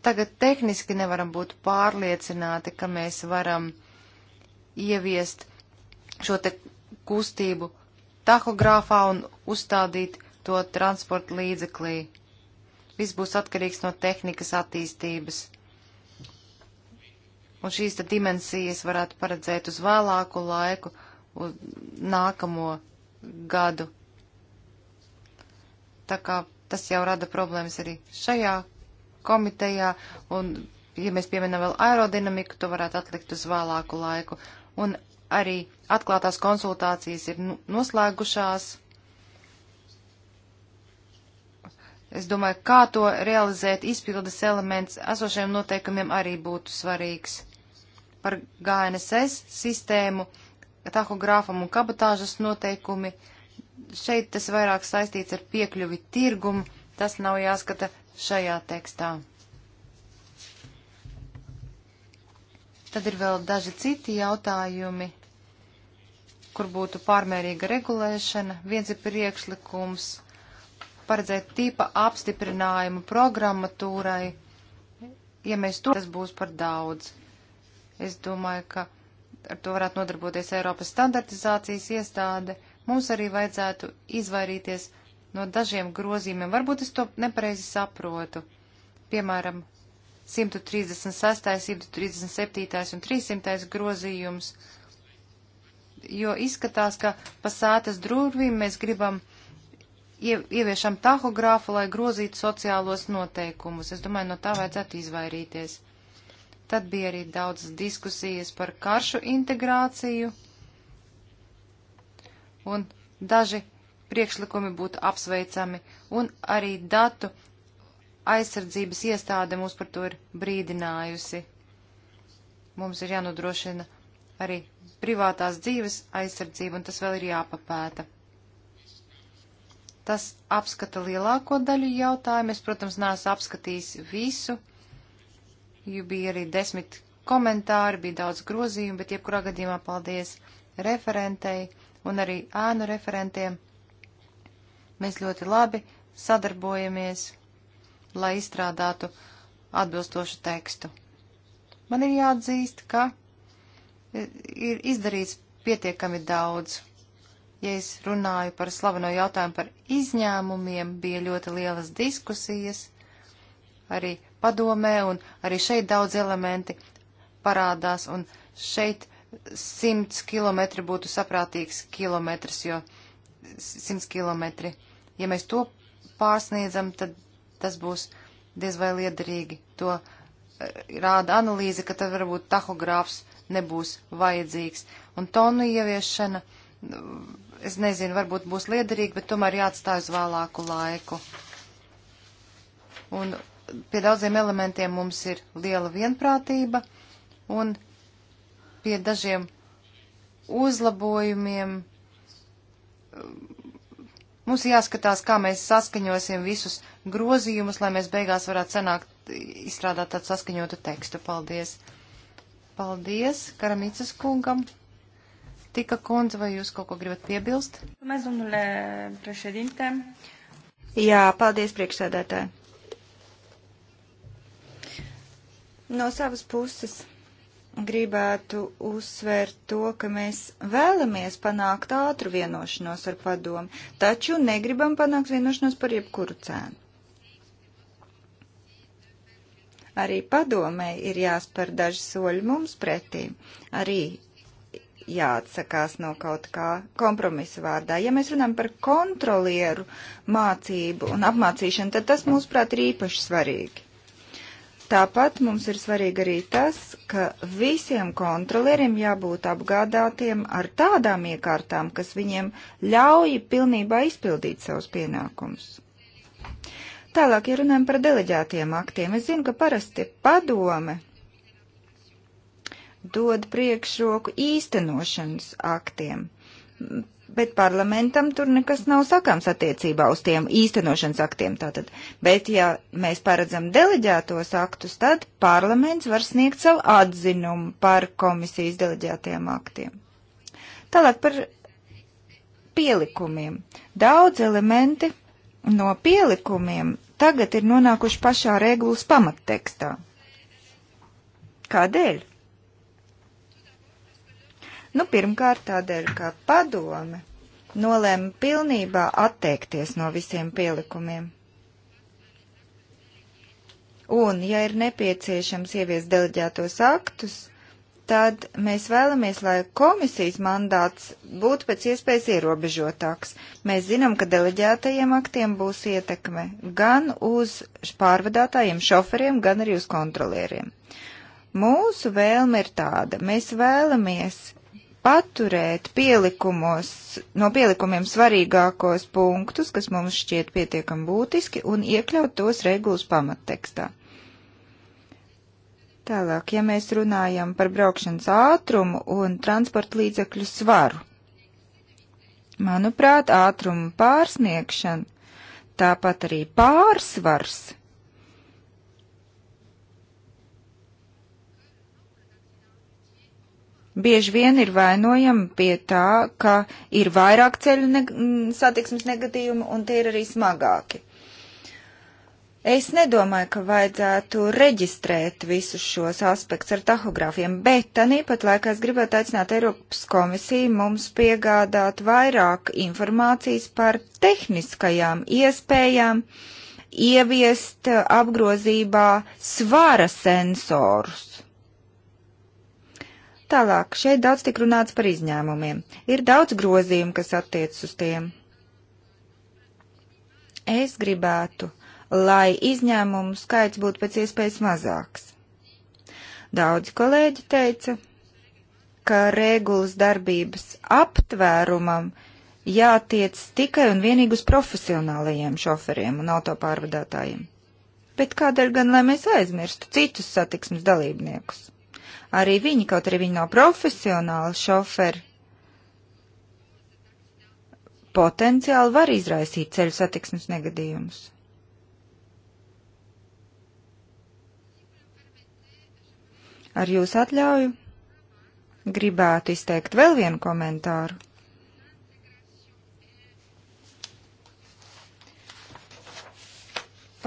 tagad tehniski nevaram būt pārliecināti, ka mēs varam ieviest šo te kustību tahogrāfā un uzstādīt to transporta līdzeklī. Viss būs atkarīgs no tehnikas attīstības. Un šīs te dimensijas varētu paredzēt uz vēlāku laiku, nākamo gadu. Tā kā tas jau rada problēmas arī šajā komitejā, un, ja mēs pieminam vēl aerodinamiku, to varētu atlikt uz vēlāku laiku. Un arī atklātās konsultācijas ir nu, noslēgušās. Es domāju, kā to realizēt, izpildes elements esošajiem noteikumiem arī būtu svarīgs. Par GNSS sistēmu tahogrāfam un kabatāžas noteikumi. Šeit tas vairāk saistīts ar piekļuvi tirgumu, tas nav jāskata šajā tekstā. Tad ir vēl daži citi jautājumi, kur būtu pārmērīga regulēšana. Viens ir priekšlikums paredzēt tīpa apstiprinājumu programmatūrai. Ja mēs to, tas būs par daudz. Es domāju, ka ar to varētu nodarboties Eiropas standartizācijas iestāde, mums arī vajadzētu izvairīties no dažiem grozījumiem. Varbūt es to nepareizi saprotu. Piemēram, 136, 137 un 300 grozījums, jo izskatās, ka pa sētas drūrvīm mēs gribam ieviešam tahogrāfu, lai grozītu sociālos noteikumus. Es domāju, no tā vajadzētu izvairīties. Tad bija arī daudz diskusijas par karšu integrāciju, un daži priekšlikumi būtu apsveicami, un arī datu aizsardzības iestāde mūs par to ir brīdinājusi. Mums ir jānodrošina arī privātās dzīves aizsardzība, un tas vēl ir jāpapēta. Tas apskata lielāko daļu jautājumu. Es, protams, neesmu apskatījis visu. Jo bija arī desmit komentāri, bija daudz grozījumu, bet jebkurā gadījumā paldies referentei un arī ēnu referentiem. Mēs ļoti labi sadarbojamies, lai izstrādātu atbilstošu tekstu. Man ir jāatzīst, ka e, ir izdarīts pietiekami daudz. Ja es runāju par slaveno jautājumu par izņēmumiem, bija ļoti lielas diskusijas arī padomē, un arī šeit daudz elementi parādās, un šeit simts kilometri būtu saprātīgs kilometrs, jo simts kilometri, ja mēs to pārsniedzam, tad tas būs diez vai liederīgi. To e, rāda analīze, ka tad varbūt tahogrāfs nebūs vajadzīgs. Un tonu ieviešana, mm, es nezinu, varbūt būs liederīga, bet tomēr jāatstāj uz vēlāku laiku. Un pie daudziem elementiem mums ir liela vienprātība un pie dažiem uzlabojumiem um, mums jāskatās, kā mēs saskaņosim visus grozījumus, lai mēs beigās varētu sanākt izstrādāt tādu saskaņotu tekstu. Paldies! Paldies Karamīcas kungam! Tika kundze, vai jūs kaut ko gribat piebilst? Jā, paldies priekšsēdētāji. No savas puses gribētu uzsvērt to, ka mēs vēlamies panākt ātru vienošanos ar padomu, taču negribam panākt vienošanos par jebkuru cēnu. Arī padomei ir jāspēr daži soļi mums pretī, arī jāatsakās no kaut kā kompromisa vārdā. Ja mēs runājam par kontrolieru mācību un apmācīšanu, tad tas, mūsuprāt, ir īpaši svarīgi Tāpat mums ir svarīgi arī tas, ka visiem kontrolieriem jābūt apgādātiem ar tādām iekārtām, kas viņiem ļauj pilnībā izpildīt savus pienākumus. Tālāk, ja runājam par deleģētiem aktiem, es zinu, ka parasti padome dod priekšroku īstenošanas aktiem bet parlamentam tur nekas nav sakāms attiecībā uz tiem īstenošanas aktiem tātad. Bet, ja mēs paredzam deleģētos aktus, tad parlaments var sniegt savu atzinumu par komisijas deleģētajiem aktiem. Tālāk par pielikumiem. Daudz elementi no pielikumiem tagad ir nonākuši pašā regulas pamattekstā. Kādēļ? Nu, pirmkārt tādēļ, ka padome nolēma pilnībā atteikties no visiem pielikumiem. Un, ja ir nepieciešams ievies deleģētos aktus, tad mēs vēlamies, lai komisijas mandāts būtu pēc iespējas ierobežotāks. Mēs zinām, ka deleģētajiem aktiem būs ietekme gan uz pārvadātājiem, šoferiem, gan arī uz kontrolieriem. Mūsu vēlme ir tāda, mēs vēlamies paturēt pielikumos, no pielikumiem svarīgākos punktus, kas mums šķiet pietiekam būtiski, un iekļaut tos regulas pamattekstā. Tālāk, ja mēs runājam par braukšanas ātrumu un transporta līdzekļu svaru, manuprāt, ātruma pārsniegšana, tāpat arī pārsvars bieži vien ir vainojami pie tā, ka ir vairāk ceļu neg satiksmes negadījumu un tie ir arī smagāki. Es nedomāju, ka vajadzētu reģistrēt visus šos aspektus ar tahogrāfiem, bet tāpat laikā es gribētu aicināt Eiropas komisiju mums piegādāt vairāk informācijas par tehniskajām iespējām ieviest apgrozībā svara sensorus Tālāk, šeit daudz tik runāts par izņēmumiem. Ir daudz grozījumu, kas attiec uz tiem. Es gribētu, lai izņēmumu skaits būtu pēc iespējas mazāks. Daudzi kolēģi teica, ka regulas darbības aptvērumam jātiec tikai un vienīgi uz profesionālajiem šoferiem un autopārvadātājiem. Bet kādēļ gan, lai mēs aizmirstu citus satiksmes dalībniekus? Arī viņi, kaut arī viņi nav profesionāli šoferi, potenciāli var izraisīt ceļu satiksmes negadījumus. Ar jūsu atļauju gribētu izteikt vēl vienu komentāru.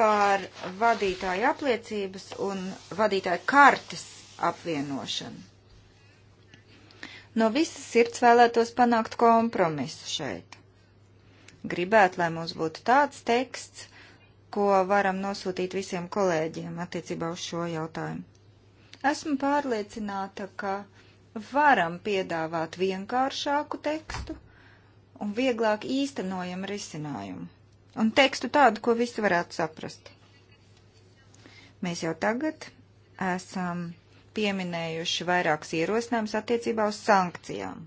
Par vadītāju apliecības un vadītāju kartes apvienošanu. No visas sirds vēlētos panākt kompromisu šeit. Gribētu, lai mums būtu tāds teksts, ko varam nosūtīt visiem kolēģiem attiecībā uz šo jautājumu. Esmu pārliecināta, ka varam piedāvāt vienkāršāku tekstu un vieglāk īstenojumu risinājumu. Un tekstu tādu, ko visi varētu saprast. Mēs jau tagad esam pieminējuši vairākus ierosinājumus attiecībā uz sankcijām.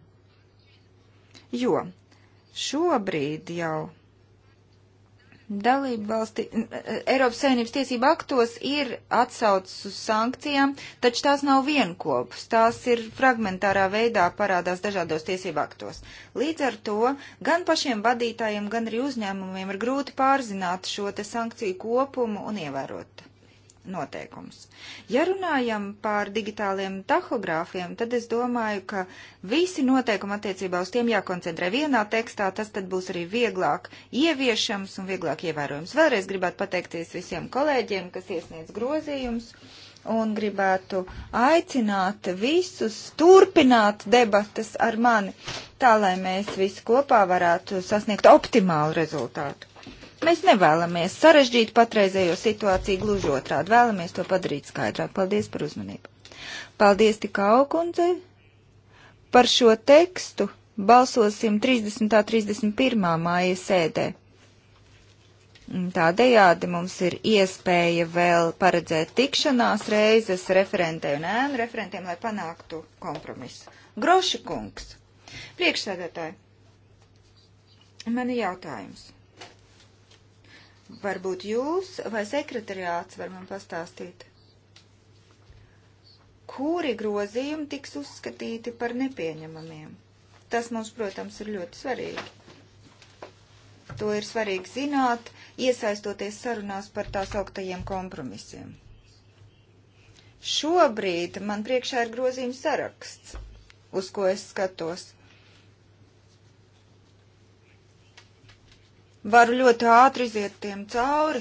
Jo šobrīd jau dalību valsti, e, e, Eiropas Savienības tiesība aktos ir atsaucis uz sankcijām, taču tās nav vienkopas, tās ir fragmentārā veidā parādās dažādos tiesību aktos. Līdz ar to gan pašiem vadītājiem, gan arī uzņēmumiem ir grūti pārzināt šo te sankciju kopumu un ievērot noteikumus. Ja runājam par digitāliem tahogrāfiem, tad es domāju, ka visi noteikumi attiecībā uz tiem jākoncentrē vienā tekstā, tas tad būs arī vieglāk ieviešams un vieglāk ievērojams. Vēlreiz gribētu pateikties visiem kolēģiem, kas iesniedz grozījumus. Un gribētu aicināt visus turpināt debatas ar mani, tā lai mēs visi kopā varētu sasniegt optimālu rezultātu. Mēs nevēlamies sarežģīt patreizējo situāciju gluži otrādi, vēlamies to padarīt skaidrāk. Paldies par uzmanību. Paldies tik augundzei par šo tekstu. Balsosim 30. 31. māja sēdē. Tādējādi mums ir iespēja vēl paredzēt tikšanās reizes referentei un ēnu referentiem, lai panāktu kompromisu. Groši kungs, priekšsēdētāji, man ir jautājums. Varbūt jūs vai sekretariāts var man pastāstīt, kuri grozījumi tiks uzskatīti par nepieņemamiem. Tas mums, protams, ir ļoti svarīgi. To ir svarīgi zināt, iesaistoties sarunās par tās augtajiem kompromisiem. Šobrīd man priekšā ir grozījums saraksts, uz ko es skatos – Varu ļoti ātri iziet tiem cauri.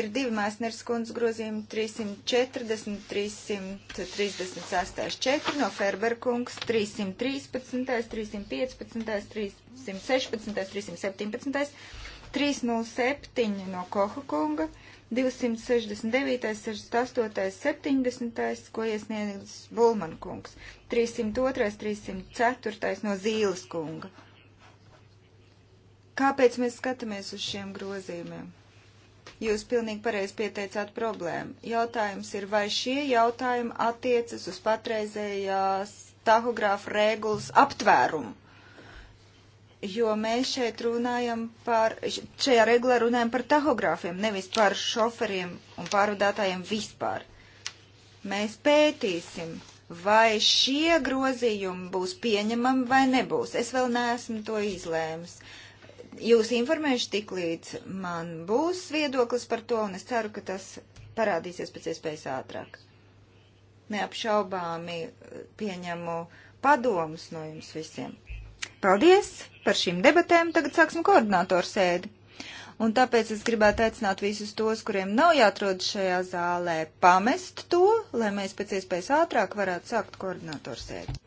Ir divi mēsners kundzes grozījumi 340, 336, 4 no Ferberkungs, 313, 315, 316, 317, 307 no Koha kunga, 269, 68, 70, ko iesniedz Bulman kungs, 302, 304 no Zīles kunga. Kāpēc mēs skatāmies uz šiem grozījumiem? Jūs pilnīgi pareizi pieteicāt problēmu. Jautājums ir, vai šie jautājumi attiecas uz patreizējās tahogrāfa regulas aptvērumu? Jo mēs šeit runājam par, šajā regulā runājam par tahogrāfiem, nevis par šoferiem un pārvadātājiem vispār. Mēs pētīsim, vai šie grozījumi būs pieņemami vai nebūs. Es vēl neesmu to izlēmis. Uh, jūs informēšu tik līdz man būs viedoklis par to, un es ceru, ka tas parādīsies pēc iespējas ātrāk. Neapšaubāmi eh, pieņemu padomus no jums visiem. Paldies par šīm debatēm. Tagad sāksim koordinātoru sēdi. Un tāpēc es gribētu aicināt visus tos, kuriem nav jāatrod šajā zālē, pamest to, lai mēs pēc iespējas ātrāk varētu sākt koordinātoru sēdi.